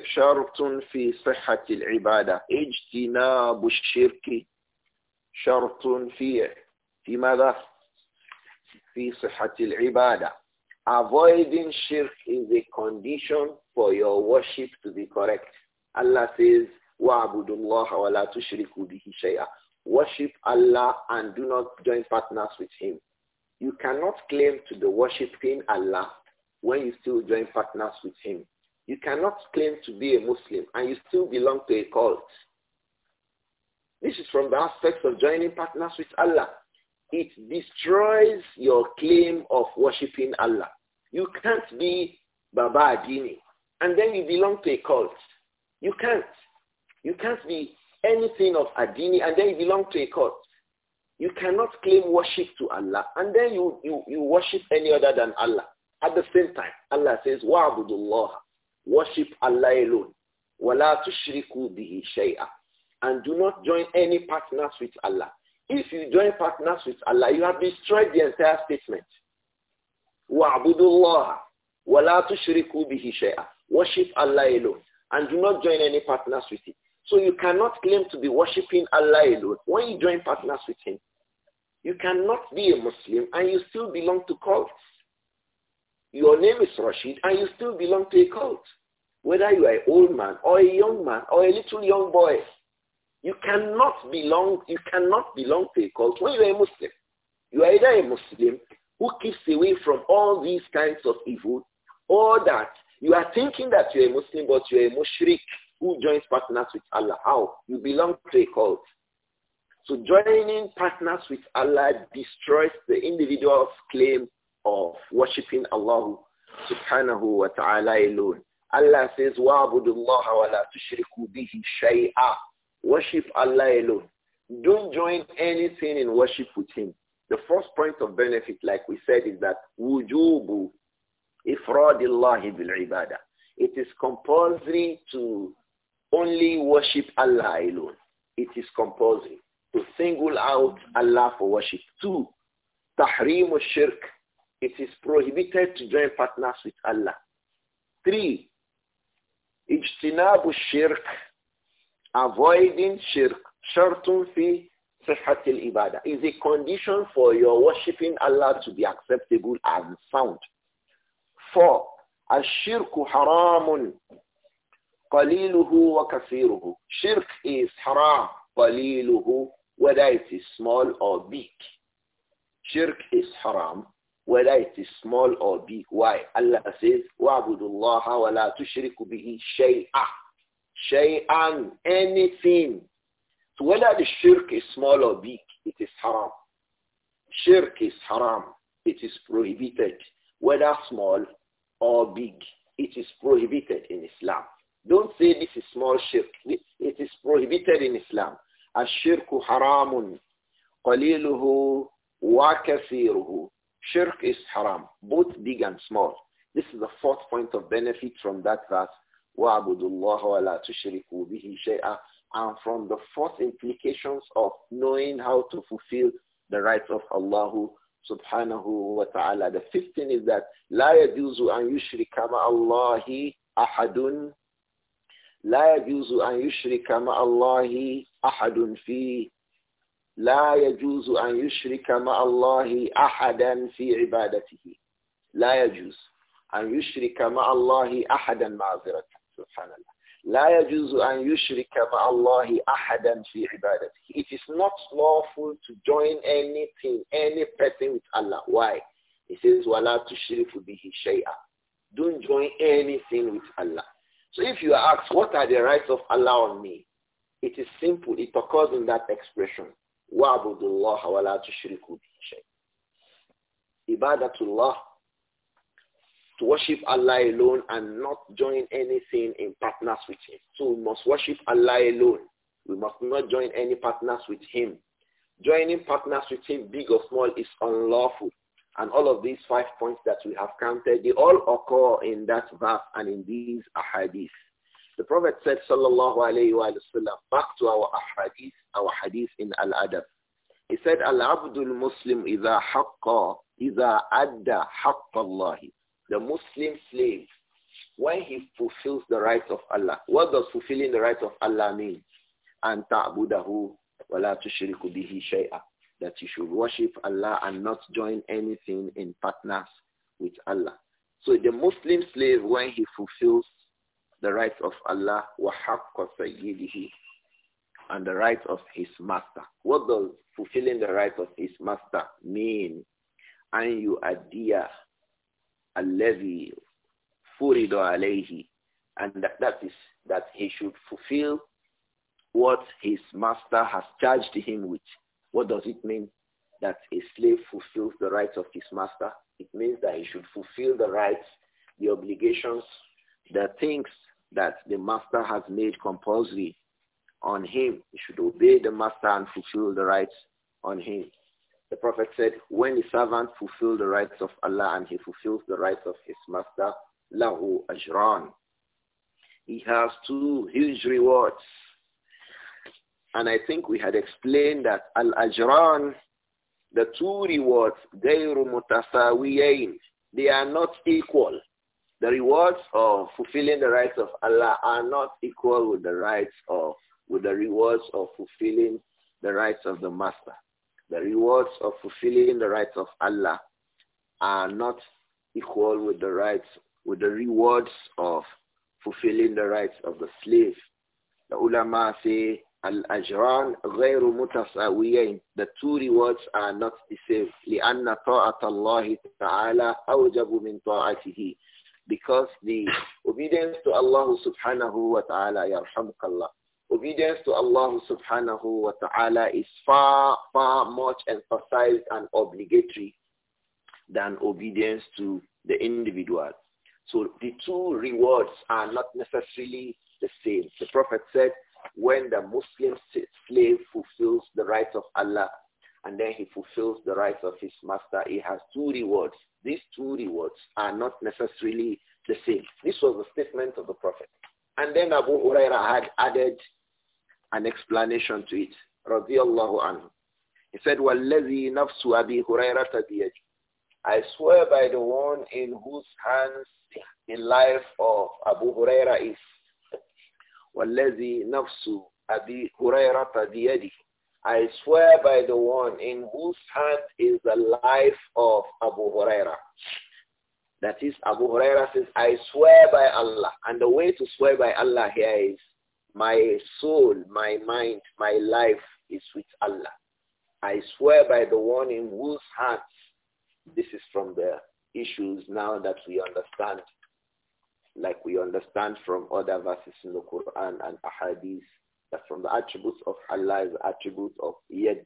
شرط في صحة العبادة. اجتناب الشرك شرط في في ماذا؟ في صحة العبادة. Avoiding shirk is a condition for your worship to be correct. Allah says, وَعْبُدُ اللَّهَ وَلَا تُشْرِكُ بِهِ شَيْئًا Worship Allah and do not join partners with him. You cannot claim to be worshiping Allah when you still join partners with him. You cannot claim to be a Muslim and you still belong to a cult. This is from the aspects of joining partners with Allah. It destroys your claim of worshiping Allah. You can't be Baba Adini and then you belong to a cult. You can't. You can't be anything of Adini and then you belong to a cult. You cannot claim worship to Allah and then you, you, you worship any other than Allah. At the same time, Allah says, وَعْبُدُ Worship Allah alone. وَلَا تُشْرِكُوا بِهِ shay'a, And do not join any partners with Allah. If you join partners with Allah, you have destroyed the entire statement. وَعْبُدُ اللَّهَ وَلَا bihi shay'a, Worship Allah alone. And do not join any partners with it. So you cannot claim to be worshipping Allah alone when you join partners with him. You cannot be a Muslim and you still belong to cults. Your name is Rashid and you still belong to a cult. Whether you are an old man or a young man or a little young boy, you cannot belong, you cannot belong to a cult when you are a Muslim. You are either a Muslim who keeps away from all these kinds of evil or that you are thinking that you're a Muslim but you're a mushrik who joins partners with Allah. How? You belong to a cult. So joining partners with Allah destroys the individual's claim of worshipping Allah subhanahu wa ta'ala alone. Allah says, وَعْبُدُ اللَّهَ وَلَا تُشْرِكُوا بِهِ شَيْئًا Worship Allah alone. Don't join anything in worship with him. The first point of benefit, like we said, is that wujubu ifradillahi bil ibadah. It is compulsory to only worship Allah alone. It is compulsory to single out Allah for worship. Two, tahrim shirk. It is prohibited to join partners with Allah. Three, ijtinabu shirk. Avoiding shirk. Shartun fi sihhatil ibadah is a condition for your worshipping Allah to be acceptable and sound. Four, ashirku haramun قَلِيلُهُ وَكَثِيرُهُ Shirk is haram. قَلِيلُهُ Whether it is small or big. Shirk is haram. Whether it is small or big. Why? Allah says, وَعْبُدُ اللَّهَ وَلَا تُشْرِكُ بِهِ شَيْئًا شَيْئًا anything. So whether the shirk is small or big, it is haram. Shirk is haram. It is prohibited. Whether small or big, it is prohibited in Islam. Don't say this is small shirk. it is prohibited in Islam. Ashirku haramun. Qaliluhu wa kathiruhu. Shirk is haram, both big and small. This is the fourth point of benefit from that verse. وَعْبُدُ اللَّهَ وَلَا تُشْرِكُوا بِهِ شَيْئًا And from the fourth implications of knowing how to fulfill the rights of Allah subhanahu wa ta'ala. The fifth thing is that لَا يَجُوزُ أَن يُشْرِكَ مَعَ اللَّهِ أَحَدٌ لا يجوز أن يشرك مع الله أحد في لا يجوز أن يشرك مع الله أحدا في عبادته لا يجوز أن يشرك مع الله أحدا معذرة سبحان الله لا يجوز أن يشرك مع الله أحدا في عبادته It is not lawful to join anything, any person with Allah. Why? He says, وَلَا تُشْرِكُ بِهِ شَيْئًا Don't join anything with Allah. So if you ask, what are the rights of Allah on me? It is simple. It occurs in that expression. وَعْبُدُ اللَّهَ وَلَا تُشْرِكُوا بِهِ شَيْءٍ Ibadatullah, to worship Allah alone and not join anything in partners with Him. So we must worship Allah alone. We must not join any partners with Him. Joining partners with Him, big or small, is unlawful. And all of these five points that we have counted, they all occur in that verse and in these ahadith. The Prophet said, sallallahu alayhi wa sallam, back to our ahadith, our hadith in Al-Adab. He said, Al-Abdul Muslim إِذَا حَقَّ إِذَا أَدَّى حَقَّ اللَّهِ The Muslim slave, when he fulfills the rights of Allah. What does fulfilling the rights of Allah mean? And ta'budahu, wa la تُشْرِكُ bihi شَيْئًا that you should worship Allah and not join anything in partners with Allah. So the Muslim slave, when he fulfills the rights of Allah, وَحَقَّ سَيِّدِهِ and the rights of his master. What does fulfilling the rights of his master mean? أَنْ يُؤَدِّيَ الَّذِي فُرِضَ عَلَيْهِ And that, that is that he should fulfill what his master has charged him with. What does it mean that a slave fulfills the rights of his master? It means that he should fulfill the rights, the obligations, the things that the master has made compulsory on him. He should obey the master and fulfill the rights on him. The Prophet said, when the servant fulfills the rights of Allah and he fulfills the rights of his master, lahu ajran. He has two huge rewards. And I think we had explained that al-ajran, the two rewards, غير متساويين, they are not equal. The rewards of fulfilling the rights of Allah are not equal with the rights of, with the rewards of fulfilling the rights of the master. The rewards of fulfilling the rights of Allah are not equal with the rights, with the rewards of fulfilling the rights of the slave. The ulama say the two rewards are not the same. لِأَنَّ طَاعَةَ اللَّهِ تَعَالَى أَوْجَبُ مِنْ طَاعَتِهِ Because the obedience to Allah subhanahu wa ta'ala, obedience to Allah subhanahu wa ta'ala is far, far much emphasized and obligatory than obedience to the individual. So the two rewards are not necessarily the same. The Prophet said, when the Muslim slave fulfills the rights of Allah and then he fulfills the rights of his master, he has two rewards. These two rewards are not necessarily the same. This was the statement of the Prophet. And then Abu Huraira had added an explanation to it. Radiallahu anhu. He said, وَالَّذِي نَفْسُ أَبِي هُرَيْرَةَ بِيَجُ I swear by the one in whose hands the life of Abu Huraira is. وَالَّذِي نَفْسُ أَبِي هُرَيْرَةَ بِيَدِهِ I swear by the one in whose hand is the life of Abu Huraira. That is, Abu Huraira says, I swear by Allah. And the way to swear by Allah here is, my soul, my mind, my life is with Allah. I swear by the one in whose hands, this is from the issues now that we understand like we understand from other verses in the Quran and Ahadith, that from the attributes of Allah is attributes of Yad.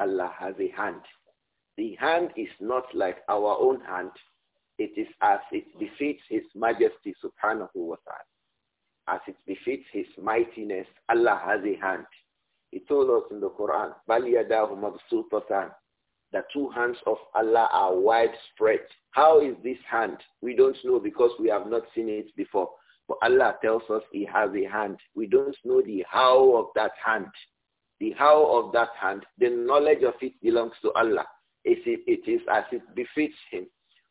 Allah has a hand. The hand is not like our own hand. It is as it befits His Majesty subhanahu wa ta'ala. As it befits His mightiness, Allah has a hand. He told us in the Quran, the two hands of Allah are widespread. How is this hand? We don't know because we have not seen it before. But Allah tells us he has a hand. We don't know the how of that hand. The how of that hand, the knowledge of it belongs to Allah. it is as it befits him.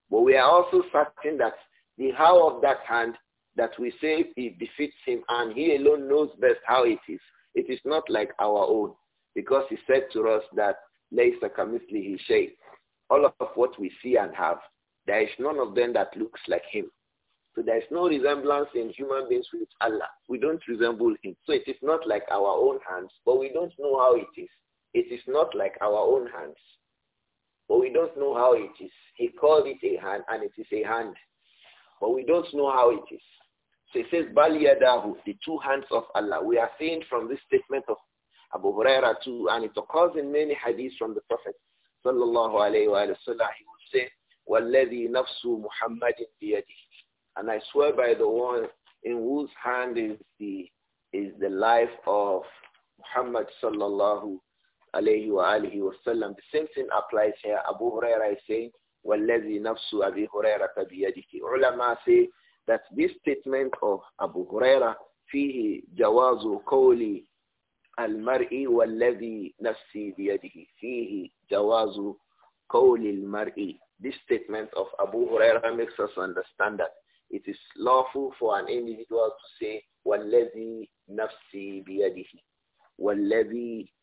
But we are also certain that the how of that hand that we say it befits him and he alone knows best how it is. It is not like our own because he said to us that لَيْسَ He said, All of what we see and have, there is none of them that looks like him. So there is no resemblance in human beings with Allah. We don't resemble him. So it is not like our own hands, but we don't know how it is. It is not like our own hands, but we don't know how it is. He called it a hand, and it is a hand, but we don't know how it is. So it says, Bali the two hands of Allah. We are seeing from this statement of Abu Huraira too, and it occurs in many hadiths from the Prophet sallallahu alayhi wa sallam, he would say, وَالَّذِي نَفْسُ مُحَمَّدٍ بِيَدِهِ And I swear by the one in whose hand is the, is the life of Muhammad sallallahu alayhi wa alihi wa sallam. The same thing applies here. Abu Huraira is saying, وَالَّذِي نَفْسُ أَبِي هُرَيْرَةَ بِيَدِهِ Ulama say that this statement of Abu Huraira فيه جواز قول المرء والذي نفسي بيده فيه جواز قول المرء This statement of Abu Huraira makes us understand that it is lawful for an individual to say والذي نفسي بيده والذي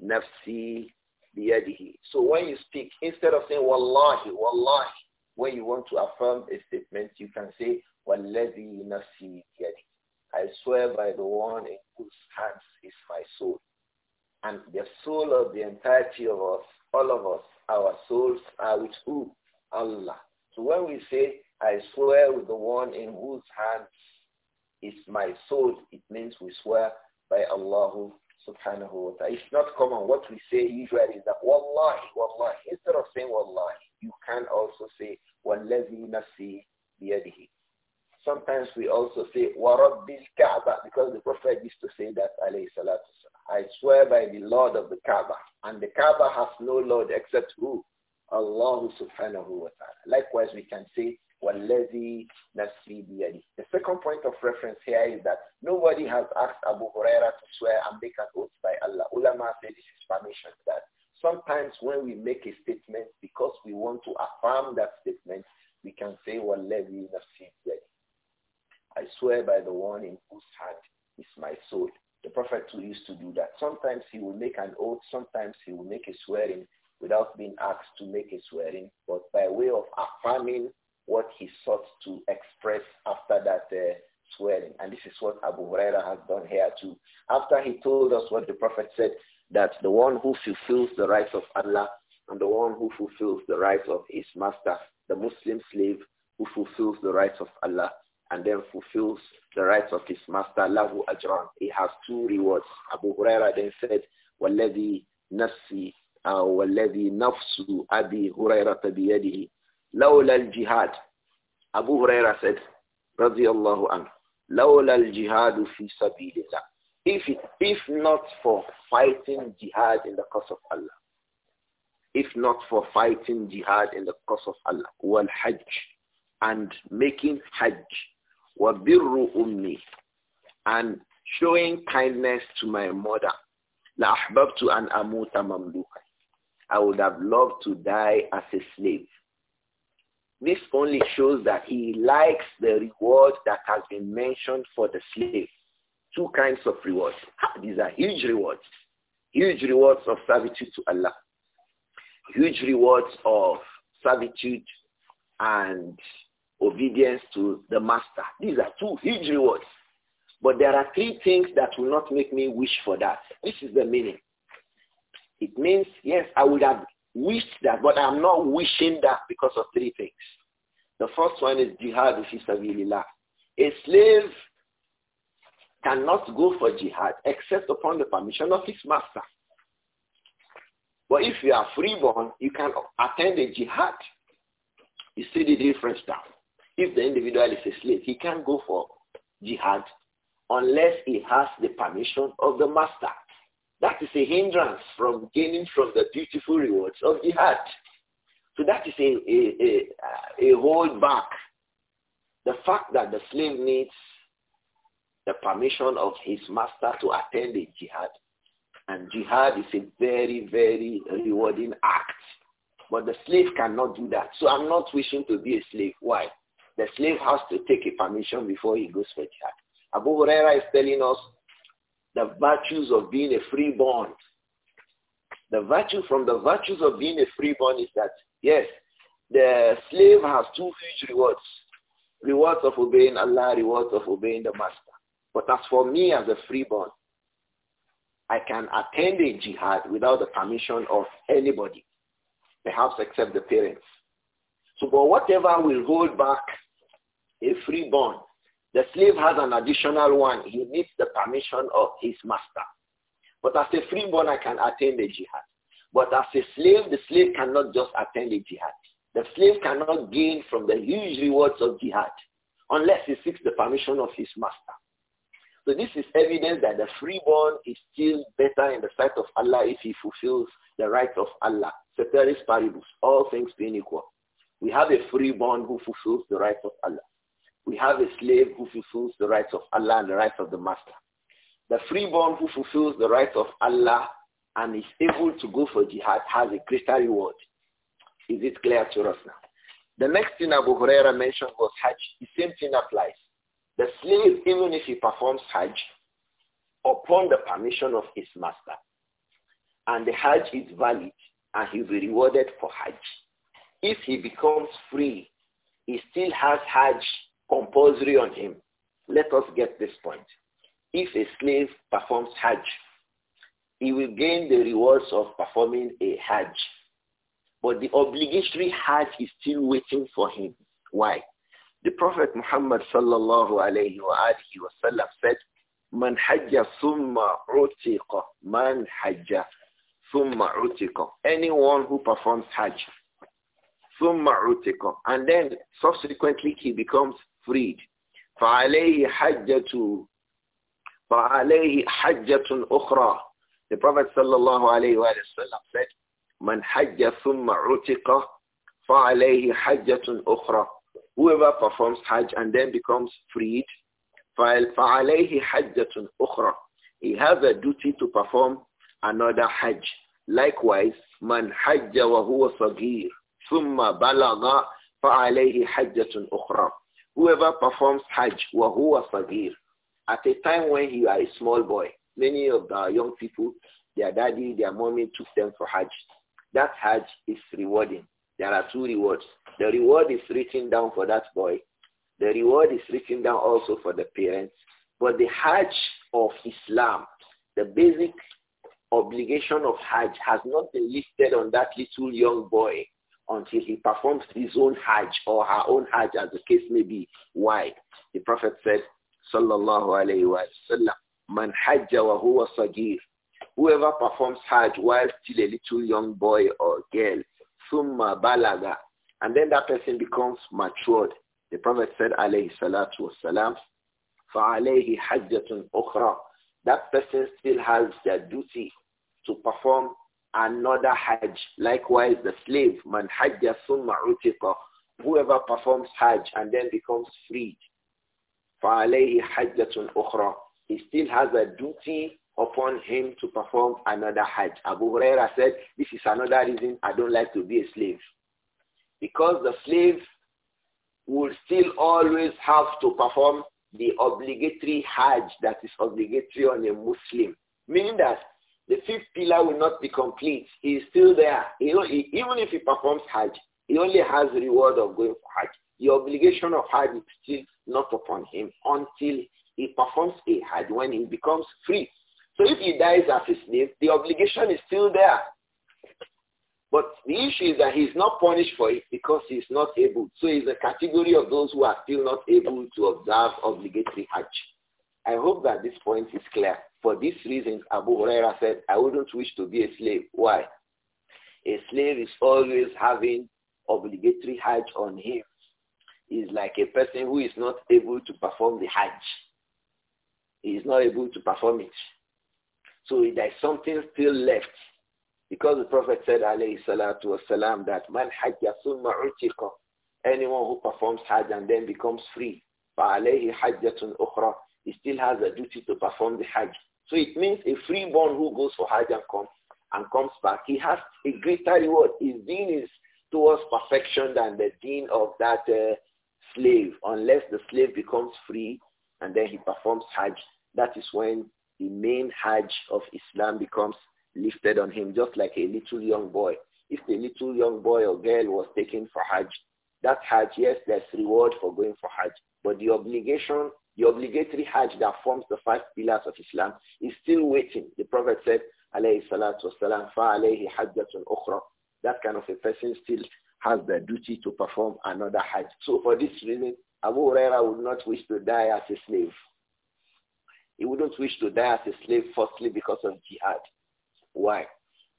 نفسي بيده So when you speak, instead of saying wallahi, wallahi, when you want to affirm a statement, you can say والذي نفسي بيده I swear by the one in whose hands is my soul. And the soul of the entirety of us, all of us, our souls are with who? Allah. So when we say, I swear with the one in whose hands is my soul, it means we swear by Allah subhanahu wa ta'ala. It's not common. What we say usually is that wallahi, wallahi. Instead of saying wallahi, you can also say wallahi nafsi biyadihi. Sometimes we also say Warabbil Kaaba because the Prophet used to say that alayhi I swear by the Lord of the Kaaba. And the Kaaba has no Lord except who? Allah subhanahu wa ta'ala. Likewise we can say Wallazi nafsi biyadi. The second point of reference here is that nobody has asked Abu Huraira to swear and make an oath by Allah. Ulama say this is permission that sometimes when we make a statement because we want to affirm that statement, we can say Wallazi nafsi biyadi. I swear by the one in whose heart is my soul. The prophet too used to do that. Sometimes he will make an oath, sometimes he will make a swearing without being asked to make a swearing, but by way of affirming what he sought to express after that uh, swearing. And this is what Abu Huraira has done here too. After he told us what the prophet said, that the one who fulfills the rights of Allah and the one who fulfills the rights of his master, the Muslim slave who fulfills the rights of Allah and then fulfills the rights of his master, lahu ajran. He has two rewards. Abu Huraira then said, وَالَّذِي نَفْسِي وَالَّذِي نَفْسُ أَبِي هُرَيْرَةَ بِيَدِهِ al jihad. Abu Huraira said, رضي الله عنه, لَوْلَا الْجِهَادُ فِي سَبِيلِ if, it, if not for fighting jihad in the cause of Allah, if not for fighting jihad in the cause of Allah, wal hajj, and making hajj, وَبِرُّ أُمِّي And showing kindness to my mother. لَأَحْبَبْتُ أَنْ أَمُوتَ مَمْلُوكًا I would have loved to die as a slave. This only shows that he likes the reward that has been mentioned for the slave. Two kinds of rewards. These are huge rewards. Huge rewards of servitude to Allah. Huge rewards of servitude and obedience to the master. These are two huge rewards. But there are three things that will not make me wish for that. This is the meaning. It means, yes, I would have wished that, but I'm not wishing that because of three things. The first one is jihad fi sabilillah. A slave cannot go for jihad except upon the permission of his master. But if you are freeborn, you can attend a jihad. You see the difference now. If the individual is a slave, he can't go for jihad unless he has the permission of the master. That is a hindrance from gaining from the beautiful rewards of jihad. So that is a, a, a, a The fact that the slave needs the permission of his master to attend a jihad. And jihad is a very, very rewarding act. But the slave cannot do that. So I'm not wishing to be a slave. Why? The slave has to take a permission before he goes for jihad. Abu Huraira is telling us the virtues of being a freeborn. The virtue from the virtues of being a freeborn is that, yes, the slave has two huge rewards. Rewards of obeying Allah, rewards of obeying the master. But as for me as a freeborn, I can attend a jihad without the permission of anybody, perhaps except the parents. So, but whatever will hold back a freeborn. The slave has an additional one. He needs the permission of his master. But as a freeborn, I can attend the jihad. But as a slave, the slave cannot just attend the jihad. The slave cannot gain from the huge rewards of jihad unless he seeks the permission of his master. So this is evidence that the freeborn is still better in the sight of Allah if he fulfills the rights of Allah. Ceteris paribus, all things being equal. We have a freeborn who fulfills the rights of Allah. We have a slave who fulfills the rights of Allah and the rights of the master. The freeborn who fulfills the rights of Allah and is able to go for jihad has a greater reward. Is it clear to us now? The next thing Abu Huraira mentioned was Hajj. The same thing applies. The slave, even if he performs Hajj, upon the permission of his master, and the Hajj is valid, and he'll be rewarded for Hajj. If he becomes free, he still has Hajj compulsory on him. Let us get this point. If a slave performs Hajj, he will gain the rewards of performing a Hajj. But the obligatory Hajj is still waiting for him. Why? The Prophet Muhammad sallallahu alayhi wa alihi wasallam said, Man hajja summa utiqa. Man hajja summa utiqa. Anyone who performs Hajj, summa utiqa. And then subsequently he becomes freed. فَعَلَيْهِ حَجَّةٌ فَعَلَيْهِ حَجَّةٌ أُخْرَى The Prophet sallallahu alayhi wa sallam said, مَنْ حَجَّ ثُمَّ عُتِقَ فَعَلَيْهِ حَجَّةٌ أُخْرَى Whoever performs Hajj and then becomes freed, فَعَلَيْهِ حَجَّةٌ أُخْرى He has a duty to perform another Hajj. Likewise, مَنْ حَجَّ وَهُوَ صَغِيرٌ ثُمَّ بَلَغَ فَعَلَيْهِ حَجَّةٌ أُخْرَى Whoever performs Hajj, wahuwa sagir, at a time when you are a small boy, many of the young people, their daddy, their mommy took them for Hajj. That Hajj is rewarding. There are two rewards. The reward is written down for that boy. The reward is written down also for the parents. But the Hajj of Islam, the basic obligation of Hajj has not been listed on that little young boy until he performs his own Hajj or her own Hajj as the case may be. Why? The Prophet said, Sallallahu Alaihi Wasallam, Man Hajja wa huwa sagir. Whoever performs Hajj while still a little young boy or girl, summa balaga, and then that person becomes matured. The Prophet said, alayhi salatu wasalam, فَعَلَيْهِ حَجَّةٌ أُخْرَى That person still has the duty to perform another Hajj. Likewise, the slave, man hajja summa utika, whoever performs Hajj and then becomes free, فَعَلَيْهِ Hajjatun أُخْرَى He still has a duty upon him to perform another Hajj. Abu Huraira said, this is another reason I don't like to be a slave. Because the slave will still always have to perform the obligatory Hajj that is obligatory on a Muslim. Meaning that the fifth pillar will not be complete. He is still there. He, he, even if he performs Hajj, he only has the reward of going for Hajj. The obligation of Hajj is still not upon him until he performs a Hajj when he becomes free. So if he dies as a slave, the obligation is still there. But the issue is that he's not punished for it because he's not able. So he's a category of those who are still not able to observe obligatory Hajj. I hope that this point is clear. For these reasons, Abu Huraira said, I wouldn't wish to be a slave. Why? A slave is always having obligatory Hajj on him. He's like a person who is not able to perform the Hajj. He is not able to perform it. So there is something still left. Because the Prophet said, alayhi salatu wasalam, that man hajja summa Anyone who performs Hajj and then becomes free. فَعَلَيْهِ حَجَّةٌ أُخْرَى he still has a duty to perform the Hajj. So it means a freeborn who goes for Hajj and comes and comes back, he has a greater reward. His deen is towards perfection than the deen of that uh, slave, unless the slave becomes free and then he performs Hajj. That is when the main Hajj of Islam becomes lifted on him, just like a little young boy. If the little young boy or girl was taken for Hajj, that Hajj, yes, there's reward for going for Hajj, but the obligation the obligatory Hajj that forms the five pillars of Islam is still waiting. The Prophet said, alayhi salatu wasalam, fa alayhi hajjatun ukhra. That kind of a person still has the duty to perform another Hajj. So for this reason, Abu Huraira would not wish to die as a slave. He wouldn't wish to die as a slave firstly because of jihad. Why?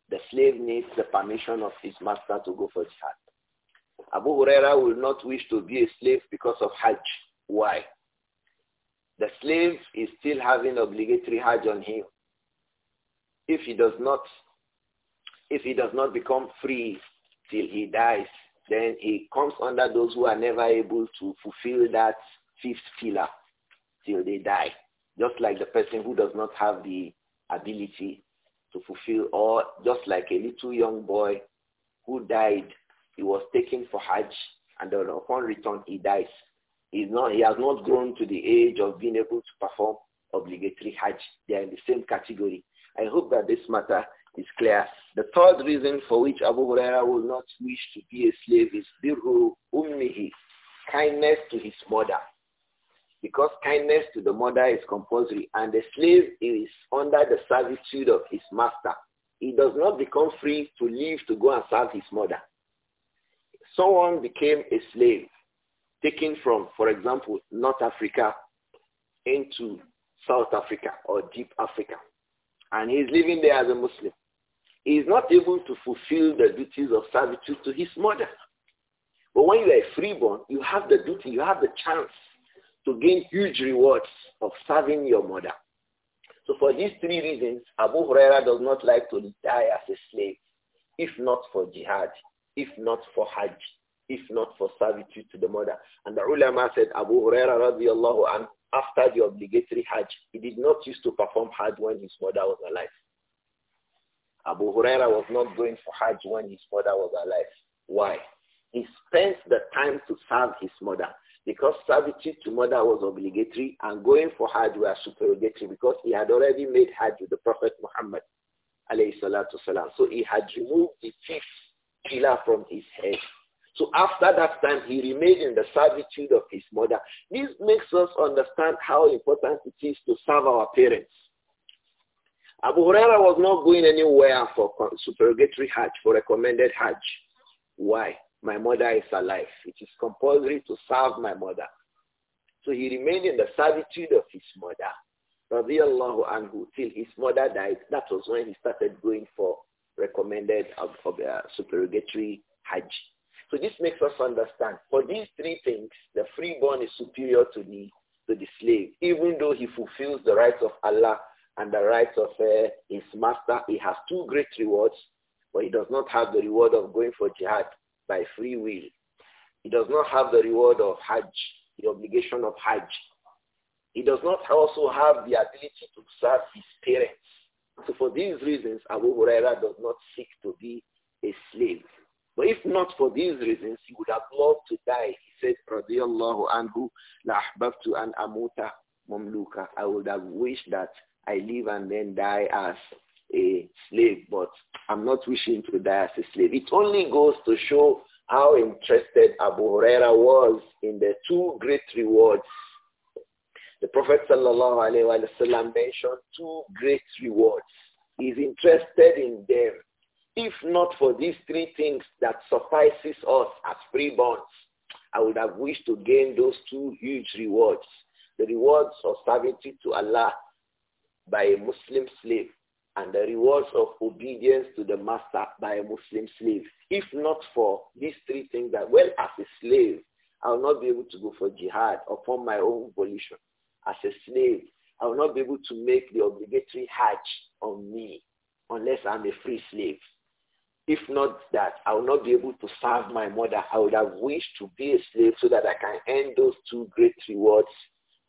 The slave needs the permission of his master to go for jihad. Abu Huraira will not wish to be a slave because of Hajj. Why? The slave is still having obligatory Hajj on him. If he does not, if he does not become free till he dies, then he comes under those who are never able to fulfill that fifth pillar till they die. Just like the person who does not have the ability to fulfill or just like a little young boy who died, he was taken for Hajj and then upon return he dies. He's not, he has not grown to the age of being able to perform obligatory Hajj. They are in the same category. I hope that this matter is clear. The third reason for which Abu Huraira will not wish to be a slave is birru ummihi, kindness to his mother. Because kindness to the mother is compulsory and the slave is under the servitude of his master. He does not become free to leave to go and serve his mother. Someone became a slave taken from, for example, North Africa into South Africa or deep Africa. And he's living there as a Muslim. He is not able to fulfill the duties of servitude to his mother. But when you are a freeborn, you have the duty, you have the chance to gain huge rewards of serving your mother. So for these three reasons, Abu Huraira does not like to die as a slave, if not for jihad, if not for hajj, if not for servitude to the mother. And the ulama said, Abu Huraira radiallahu an after the obligatory Hajj, he did not used to perform Hajj when his mother was alive. Abu Huraira was not going for Hajj when his mother was alive. Why? He spent the time to serve his mother because servitude to mother was obligatory and going for Hajj was supererogatory because he had already made Hajj with the Prophet Muhammad. So he had removed the fifth pillar from his head so after that time, he remained in the servitude of his mother. This makes us understand how important it is to serve our parents. Abu Huraira was not going anywhere for supererogatory Hajj, for recommended Hajj. Why? My mother is alive. It is compulsory to serve my mother. So he remained in the servitude of his mother, radiallahu anhu, till his mother died. That was when he started going for recommended uh, supererogatory Hajj. So this makes us understand. For these three things, the freeborn is superior to the to the slave, even though he fulfills the rights of Allah and the rights of uh, his master. He has two great rewards, but he does not have the reward of going for jihad by free will. He does not have the reward of Hajj, the obligation of Hajj. He does not also have the ability to serve his parents. So for these reasons, Abu Huraira does not seek to be a slave. But if not for these reasons, he would have loved to die. He said, "Radiallahu anhu, la'ahbabtu an amuta mumluka." I would have wished that I live and then die as a slave, but I'm not wishing to die as a slave. It only goes to show how interested Abu Huraira was in the two great rewards. The Prophet ﷺ mentioned two great rewards. He's interested in them. If not for these three things that suffices us as freeborns, I would have wished to gain those two huge rewards. The rewards of servitude to Allah by a Muslim slave and the rewards of obedience to the master by a Muslim slave. If not for these three things that, well, as a slave, I will not be able to go for jihad upon my own volition. As a slave, I will not be able to make the obligatory hajj on me unless I'm a free slave. If not that, I will not be able to serve my mother. I would have wished to be a slave so that I can earn those two great rewards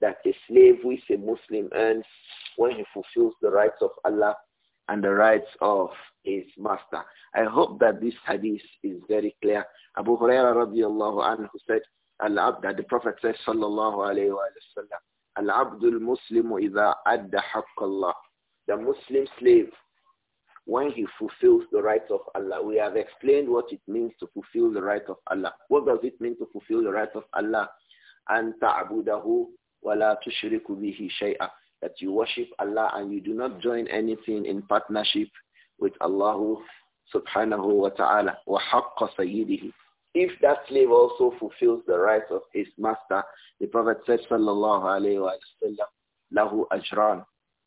that a slave who is a Muslim earns when he fulfills the rights of Allah and the rights of his master. I hope that this hadith is very clear. Abu Hurairah radiallahu anhu said, Al-Abd, that the Prophet says, sallallahu alayhi wa sallam, Al-Abdul Muslimu idha adda haqqallah. The Muslim slave when he fulfills the rights of Allah. We have explained what it means to fulfill the rights of Allah. What does it mean to fulfill the rights of Allah? And ta'budahu wa la tushriku bihi shay'a. That you worship Allah and you do not join anything in partnership with Allah subhanahu wa ta'ala. Wa haqqa sayyidihi. If that slave also fulfills the rights of his master, the Prophet said sallallahu alayhi wa sallam, lahu ajran.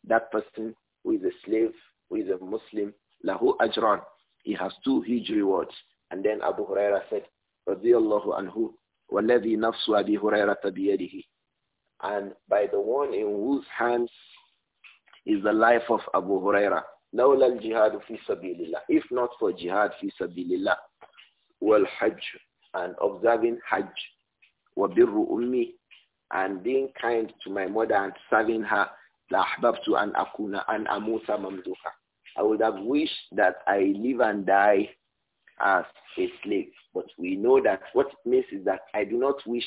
That person who is a slave who is a Muslim, lahu ajran. He has two huge rewards. And then Abu Huraira said, الله عنه. وَالَّذِي نَفْسُ أَبِي هُرَيْرَةَ بِيَدِهِ And by the one in whose hands is the life of Abu Huraira. لولا الجهاد في سبيل الله. If not for jihad في سبيل الله. والحج and observing Hajj. وبر أمي and being kind to my mother and serving her لَأَحْبَبْتُ أَنْ أَكُونَ أَنْ أَمُوتَ مَمْدُوحًا I would have wished that I live and die as a slave. But we know that what it means is that I do not wish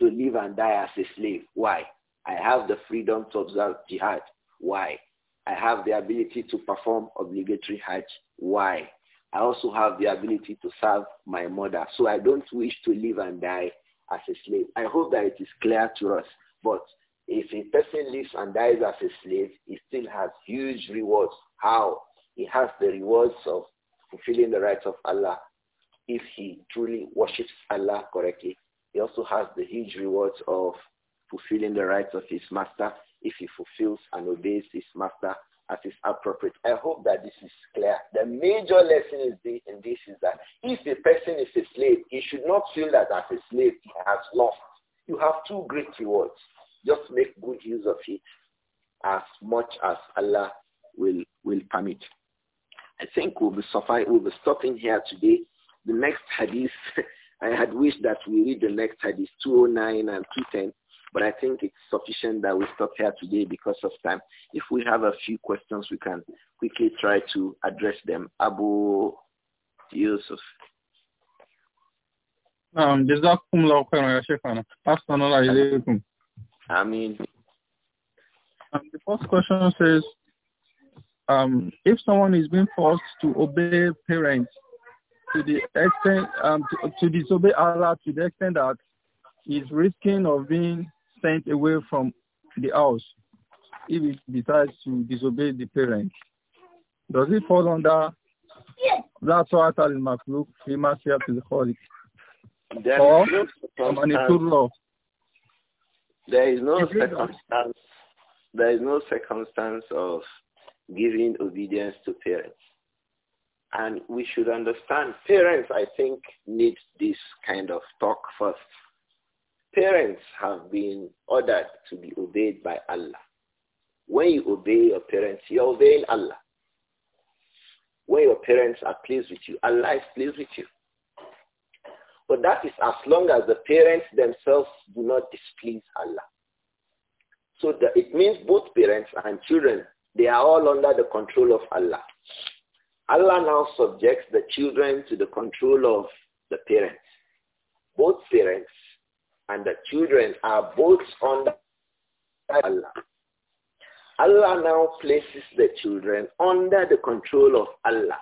to live and die as a slave. Why? I have the freedom to observe jihad. Why? I have the ability to perform obligatory hajj. Why? I also have the ability to serve my mother. So I don't wish to live and die as a slave. I hope that it is clear to us. But if a person lives and dies as a slave, he still has huge rewards. How? He has the rewards of fulfilling the rights of Allah. If he truly worships Allah correctly, he also has the huge rewards of fulfilling the rights of his master if he fulfills and obeys his master as is appropriate. I hope that this is clear. The major lesson is in this is that if a person is a slave, he should not feel that as a slave he has lost. You have two great rewards. Just make good use of it as much as Allah will, will permit. I think we'll be, suffi- we'll be stopping here today. The next hadith, I had wished that we read the next hadith, 209 and 210, but I think it's sufficient that we stop here today because of time. If we have a few questions, we can quickly try to address them. Abu Yusuf. Um, جزاكم الله خيرا يا I mean, um, the first question says, um, if someone is being forced to obey parents to the extent um, to, to, disobey Allah to the extent that he's risking of being sent away from the house if he decides to disobey the parents, does it fall under that's what al-makluk, fi masiyat al-khaliq? Or, or there is no circumstance. There is no circumstance of giving obedience to parents. And we should understand parents, I think, need this kind of talk first. Parents have been ordered to be obeyed by Allah. When you obey your parents, you're obeying Allah. When your parents are pleased with you, Allah is pleased with you. But that is as long as the parents themselves do not displease Allah. So the, it means both parents and children, they are all under the control of Allah. Allah now subjects the children to the control of the parents. Both parents and the children are both under Allah. Allah now places the children under the control of Allah.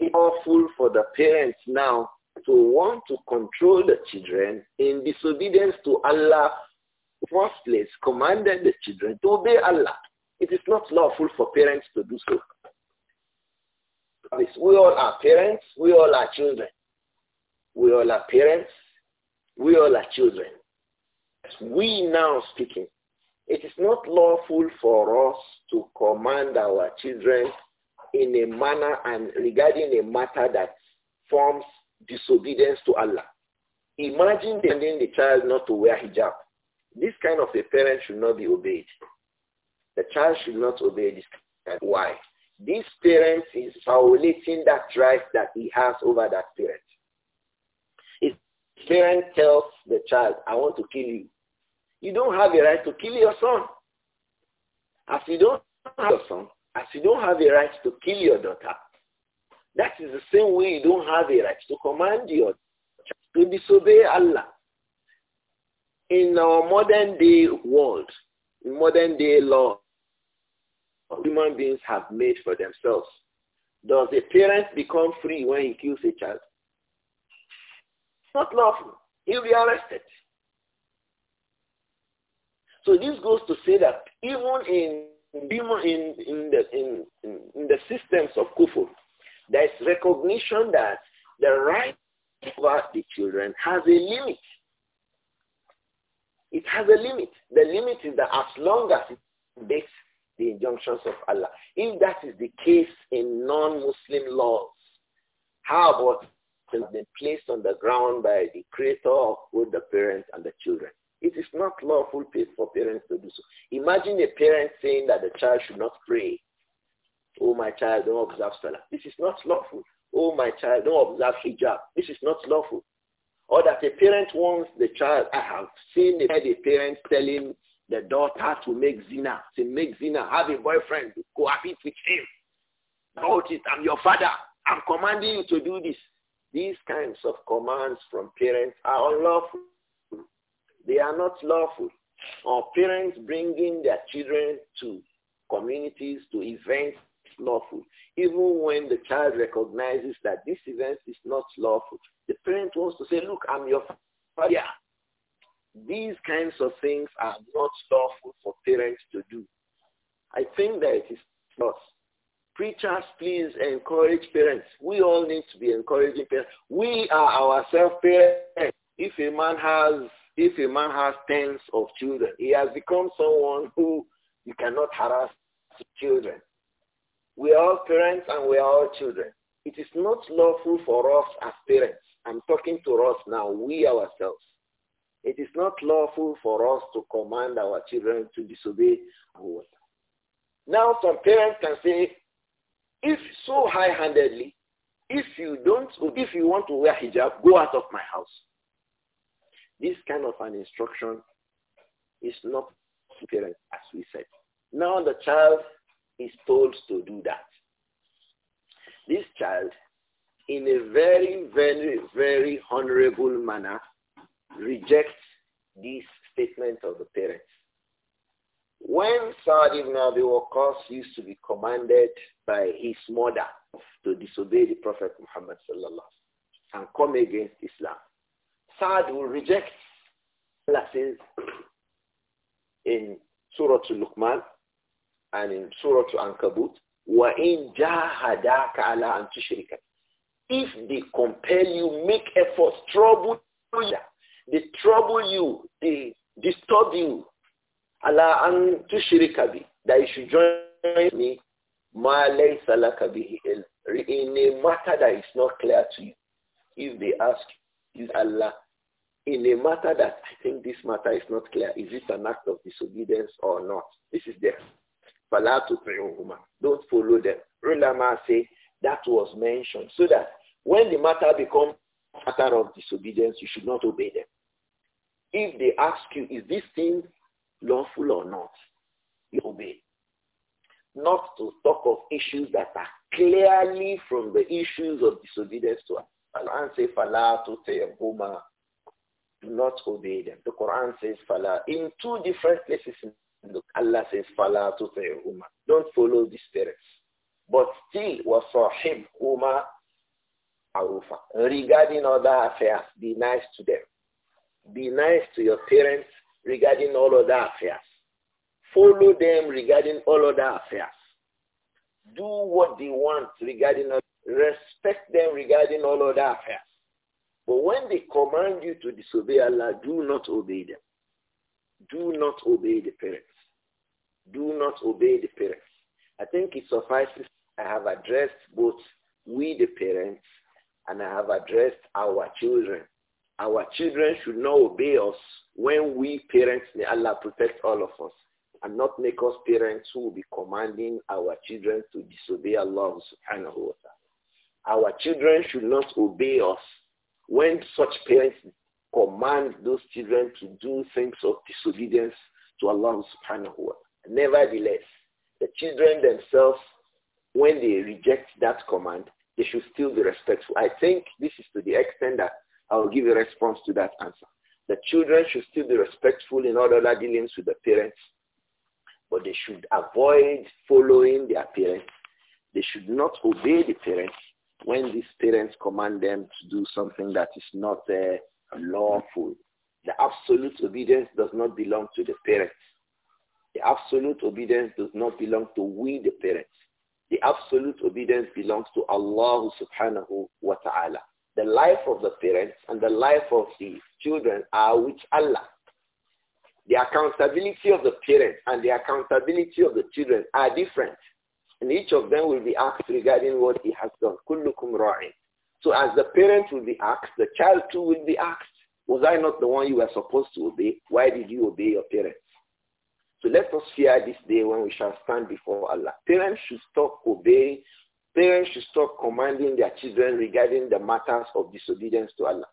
It's awful for the parents now to want to control the children in disobedience to Allah, first place, commanded the children to obey Allah. It is not lawful for parents to do so. We all are parents, we all are children. We all are parents, we all are children. We now speaking, it is not lawful for us to command our children in a manner and regarding a matter that forms disobedience to Allah. Imagine telling the child not to wear hijab. This kind of a parent should not be obeyed. The child should not obey this. Kind. Why? This parent is violating that right that he has over that parent. If parent tells the child, I want to kill you, you don't have a right to kill your son. As you don't have your son, as you don't have a right to kill your daughter, that is the same way you don't have a right to command your to disobey Allah. In our modern day world, in modern day law, human beings have made for themselves. Does a parent become free when he kills a child? not lawful. He'll be arrested. So this goes to say that even in in, in, the, in, in the systems of kufr, there is recognition that the right over the children has a limit. It has a limit. The limit is that as long as it makes the injunctions of Allah. If that is the case in non-Muslim laws, how about it has been placed on the ground by the creator of both the parents and the children? It is not lawful for parents to do so. Imagine a parent saying that the child should not pray. Oh, my child, don't observe Salah. This is not lawful. Oh, my child, don't observe hijab. This is not lawful. Or that a parent wants the child. I have seen a, a parent telling the daughter to make zina. To make zina, have a boyfriend, cohabit with him. About it, I'm your father. I'm commanding you to do this. These kinds of commands from parents are unlawful. They are not lawful. Or parents bringing their children to communities, to events lawful, even when the child recognizes that this event is not lawful, the parent wants to say, look, I'm your father. These kinds of things are not lawful for parents to do. I think that it is not. Preachers, please encourage parents. We all need to be encouraging parents. We are ourselves parents. If a man has if a man has tens of children, he has become someone who you cannot harass children. We are all parents and we are all children. It is not lawful for us as parents. I'm talking to us now, we ourselves. It is not lawful for us to command our children to disobey our Now some parents can say, if so high-handedly, if you don't, if you want to wear hijab, go out of my house. This kind of an instruction is not parents, as we said. Now the child is told to do that. This child, in a very, very, very honorable manner, rejects this statement of the parents. When Saad ibn Abi Waqqas used to be commanded by his mother to disobey the Prophet Muhammad sallallahu and come against Islam, Saad will reject. classes in Surah Al-Luqman, and in Surah Al-Ankabut, وَإِن جَاهَدَاكَ عَلَىٰ أَن تُشْرِكَ If they compel you, make efforts, trouble you, they trouble you, they disturb you, عَلَىٰ أَن تُشْرِكَ بِي That you should join me, مَا لَيْسَ لَكَ بِهِ In a matter that is not clear to you, if they ask you, Allah, in a matter that I think this matter is not clear, is it an act of disobedience or not? This is the تُطِعُهُمَا Don't follow them. Ulama say that was mentioned so that when the matter becomes a matter of disobedience, you should not obey them. If they ask you, is this thing lawful or not, you obey. Not to talk of issues that are clearly from the issues of disobedience to Allah. say, Do not obey them. The Quran says, In two different places in Look, Allah says, Fala tuti'huma. Don't follow these parents. But still, wasahibhuma arufa. Regarding other affairs, be nice to them. Be nice to your parents regarding all other affairs. Follow them regarding all other affairs. Do what they want regarding, respect them regarding all other affairs. But when they command you to disobey Allah, do not obey them do not obey the parents. Do not obey the parents. I think it suffices. I have addressed both we the parents and I have addressed our children. Our children should not obey us when we parents, may Allah protect all of us and not make us parents who will be commanding our children to disobey Allah subhanahu wa ta'ala. Our children should not obey us when such parents command those children to do things of disobedience to Allah subhanahu wa ta'ala. Nevertheless, the children themselves, when they reject that command, they should still be respectful. I think this is to the extent that I'll give a response to that answer. The children should still be respectful in all other dealings with the parents, but they should avoid following their parents. They should not obey the parents when these parents command them to do something that is not uh, lawful. The absolute obedience does not belong to the parents. The absolute obedience does not belong to we the parents. The absolute obedience belongs to Allah subhanahu wa ta'ala. The life of the parents and the life of the children are with Allah. The accountability of the parents and the accountability of the children are different. And each of them will be asked regarding what he has done. Kullukum ra'in. So as the parent will be asked, the child too will be asked, was I not the one you were supposed to obey? Why did you obey your parents? So let us fear this day when we shall stand before Allah. Parents should stop obeying. Parents should stop commanding their children regarding the matters of disobedience to Allah.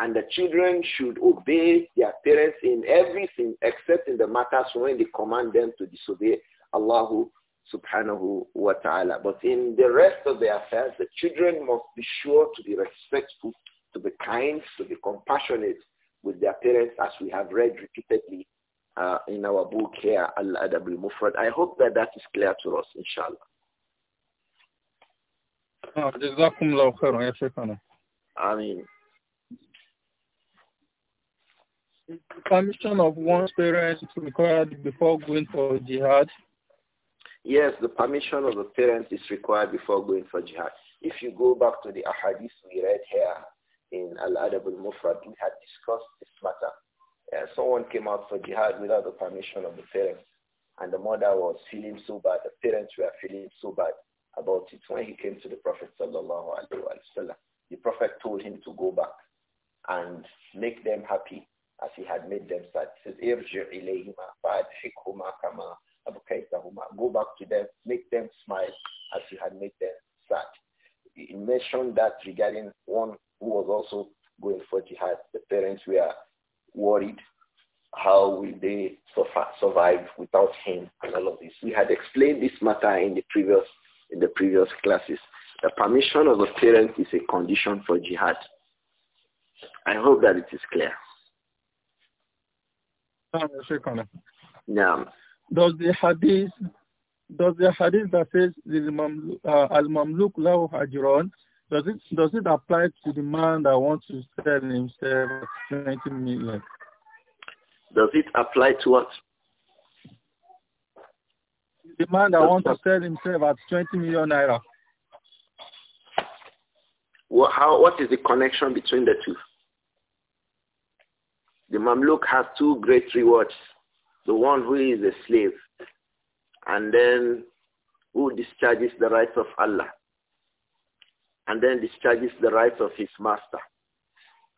And the children should obey their parents in everything except in the matters when they command them to disobey Allah subhanahu wa ta'ala. But in the rest of their affairs, the children must be sure to be respectful, to be kind, to be compassionate with their parents as we have read repeatedly uh, in our book here, Al-Adab al-Mufrad. I hope that that is clear to us, inshallah. جزاكم الله خيرا يا شيخنا آمين Permission of one's parents required before going for jihad Yes, the permission of the parents is required before going for jihad. If you go back to the ahadith we read here in Al-Adab al-Mufrad, we had discussed this matter. someone came out for jihad without the permission of the parents, and the mother was feeling so bad. The parents were feeling so bad about it when he came to the Prophet sallallahu alaihi wasallam. The Prophet told him to go back and make them happy as he had made them sad. He says, Go back to them, make them smile as you had made them sad. You mentioned that regarding one who was also going for jihad, the parents were worried how will they survive without him and all of this. We had explained this matter in the previous in the previous classes. The permission of the parent is a condition for jihad. I hope that it is clear. Yeah. Does the hadith, does the hadith that says the uh, al-mamluk lahu hajron, does it does it apply to the man that wants to sell himself twenty million? Does it apply to what? The man that wants to sell himself at twenty million naira. Well, how, what is the connection between the two? The Mamluk has two great rewards. The one who is a slave and then who discharges the rights of Allah and then discharges the rights of his master.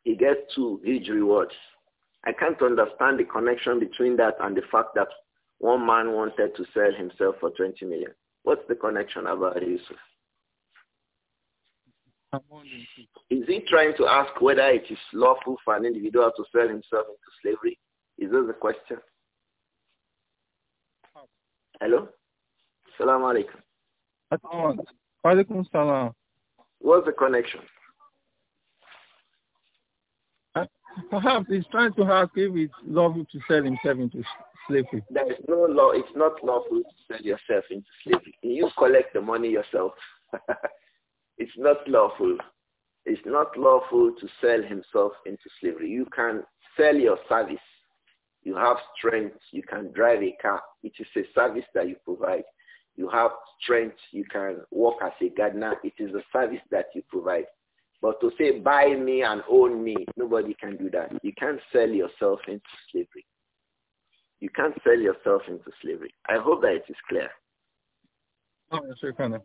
He gets two huge rewards. I can't understand the connection between that and the fact that one man wanted to sell himself for 20 million. What's the connection about Yusuf? Is he trying to ask whether it is lawful for an individual to sell himself into slavery? Is this the question? Hello? Salam alaikum. Alaikum salam. What's the connection? Uh, perhaps he's trying to ask if it's lawful to sell himself into slavery. There is no law. It's not lawful to sell yourself into slavery. You collect the money yourself. it's not lawful. It's not lawful to sell himself into slavery. You can sell your service you have strength. You can drive a car. It is a service that you provide. You have strength. You can work as a gardener. It is a service that you provide. But to say, buy me and own me, nobody can do that. You can't sell yourself into slavery. You can't sell yourself into slavery. I hope that it is clear. Oh, sure, kind of.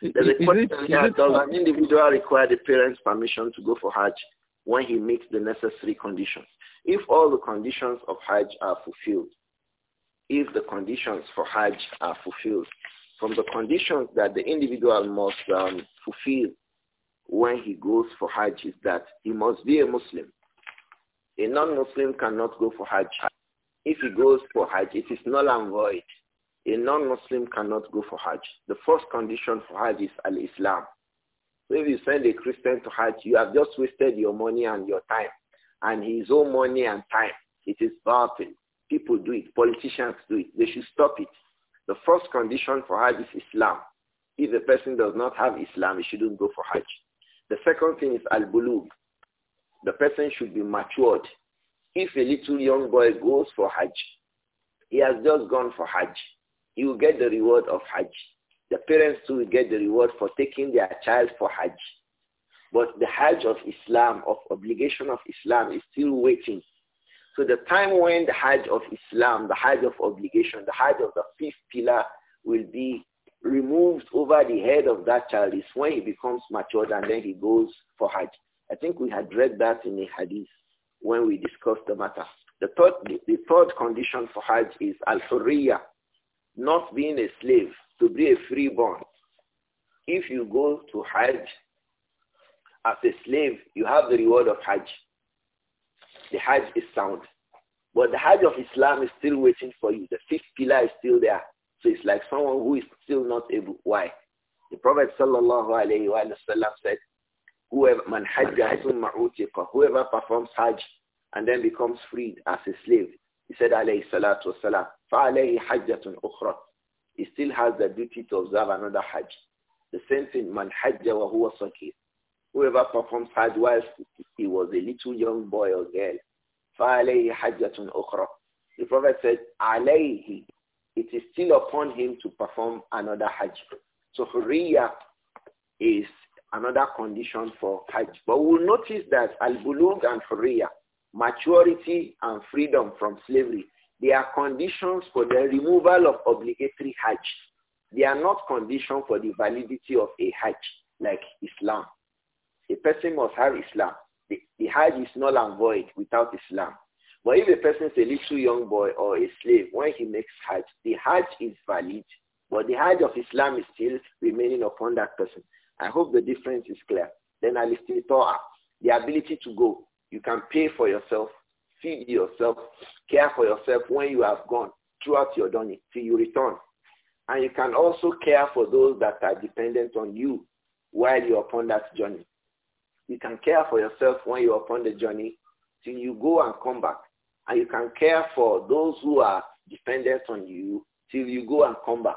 There's a question here. Does an individual require the parents' permission to go for Hajj when he meets the necessary conditions? If all the conditions of Hajj are fulfilled, if the conditions for Hajj are fulfilled, from the conditions that the individual must um, fulfill when he goes for Hajj is that he must be a Muslim. A non-Muslim cannot go for Hajj. If he goes for Hajj, it is null and void. A non-Muslim cannot go for Hajj. The first condition for Hajj is al-Islam. So if you send a Christian to Hajj, you have just wasted your money and your time and his own money and time. It is batil. People do it. Politicians do it. They should stop it. The first condition for Hajj is Islam. If the person does not have Islam, he shouldn't go for Hajj. The second thing is al-bulug. The person should be matured. If a little young boy goes for Hajj, he has just gone for Hajj. He will get the reward of Hajj. The parents too will get the reward for taking their child for Hajj. But the Hajj of Islam, of obligation of Islam is still waiting. So the time when the Hajj of Islam, the Hajj of obligation, the Hajj of the fifth pillar will be removed over the head of that child is when he becomes matured and then he goes for Hajj. I think we had read that in the Hadith when we discussed the matter. The third, the, third condition for Hajj is al-hurriya, not being a slave, to be a freeborn. If you go to Hajj as a slave, you have the reward of Hajj. The Hajj is sound. But the Hajj of Islam is still waiting for you. The fifth pillar is still there. So it's like someone who is still not able. Why? The Prophet sallallahu said, whoever, whoever performs Hajj and then becomes freed as a slave, he said salatu wasalam, فَعَلَيْهِ حَجَّةٌ He still has the duty to observe another Hajj. The same thing, man hajja wa huwa sakir. Whoever performs Hajj whilst he was a little young boy or girl, فَعَلَيْهِ حَجَّةٌ أُخْرَى The Prophet said, عَلَيْهِ It is still upon him to perform another Hajj. So Hurriya is another condition for Hajj. But we'll notice that Al-Bulug and Hurriya, maturity and freedom from slavery, they are conditions for the removal of obligatory Hajj. They are not conditions for the validity of a Hajj like Islam a person must have Islam. The, the Hajj is null and void without Islam. But if a person is a little young boy or a slave, when he makes Hajj, the Hajj is valid, but the Hajj of Islam is still remaining upon that person. I hope the difference is clear. Then al-istita'a, the ability to go. You can pay for yourself, feed yourself, care for yourself when you have gone throughout your journey till you return. And you can also care for those that are dependent on you while you're upon that journey. You can care for yourself when you're upon the journey till you go and come back. And you can care for those who are dependent on you till you go and come back.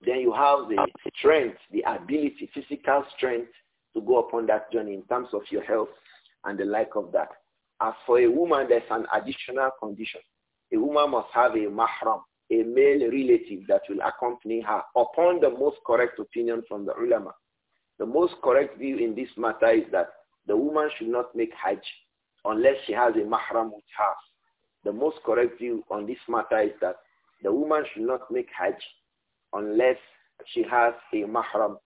Then you have the strength, the ability, physical strength to go upon that journey in terms of your health and the like of that. As for a woman, there's an additional condition. A woman must have a mahram, a male relative that will accompany her upon the most correct opinion from the ulama. The most correct view in this matter is that the woman should not make hajj unless she has a mahram with her. The most correct view on this matter is that the woman should not make hajj unless she has a mahram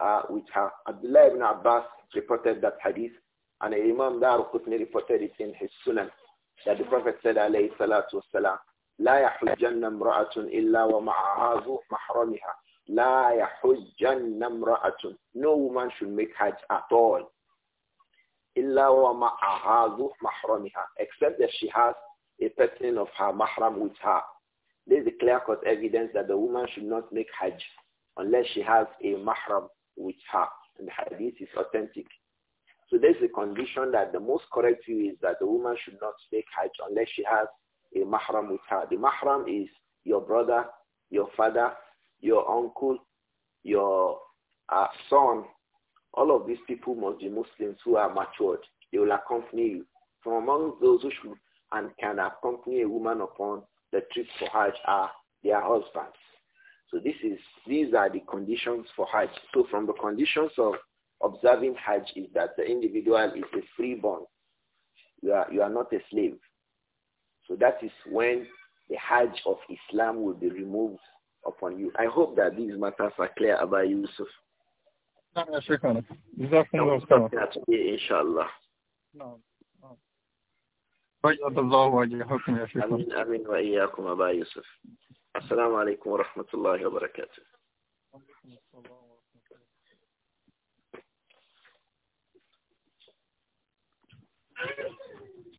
uh, with her. Abdullah ibn Abbas reported that hadith and Imam Dar Qutni reported it in his Sunan that the Prophet said alayhi salatu wasalam, لا يحجن امرأة إلا ومعها ذو محرمها. لا يحجن امرأة. No woman should make hajj at all Except that she has a person of her mahram with her. There is a clear-cut evidence that the woman should not make hajj unless she has a mahram with her. And the hadith is authentic. So there's a condition that the most correct view is that the woman should not make hajj unless she has a mahram with her. The mahram is your brother, your father, your uncle, your uh, son, all of these people must be Muslims who are matured. They will accompany you. From among those who should and can accompany a woman upon the trip for Hajj are their husbands. So this is, these are the conditions for Hajj. So from the conditions of observing Hajj is that the individual is a freeborn. You are, you are not a slave. So that is when the Hajj of Islam will be removed upon you. I hope that these matters are clear about Yusuf. نعم يا شيخنا جزاكم الله خيرا إن شاء الله نعم،, نعم بيض الله وجهكم يا شيخنا آمين آمين وإياكم أبا يوسف السلام عليكم ورحمة الله وبركاته Thank you.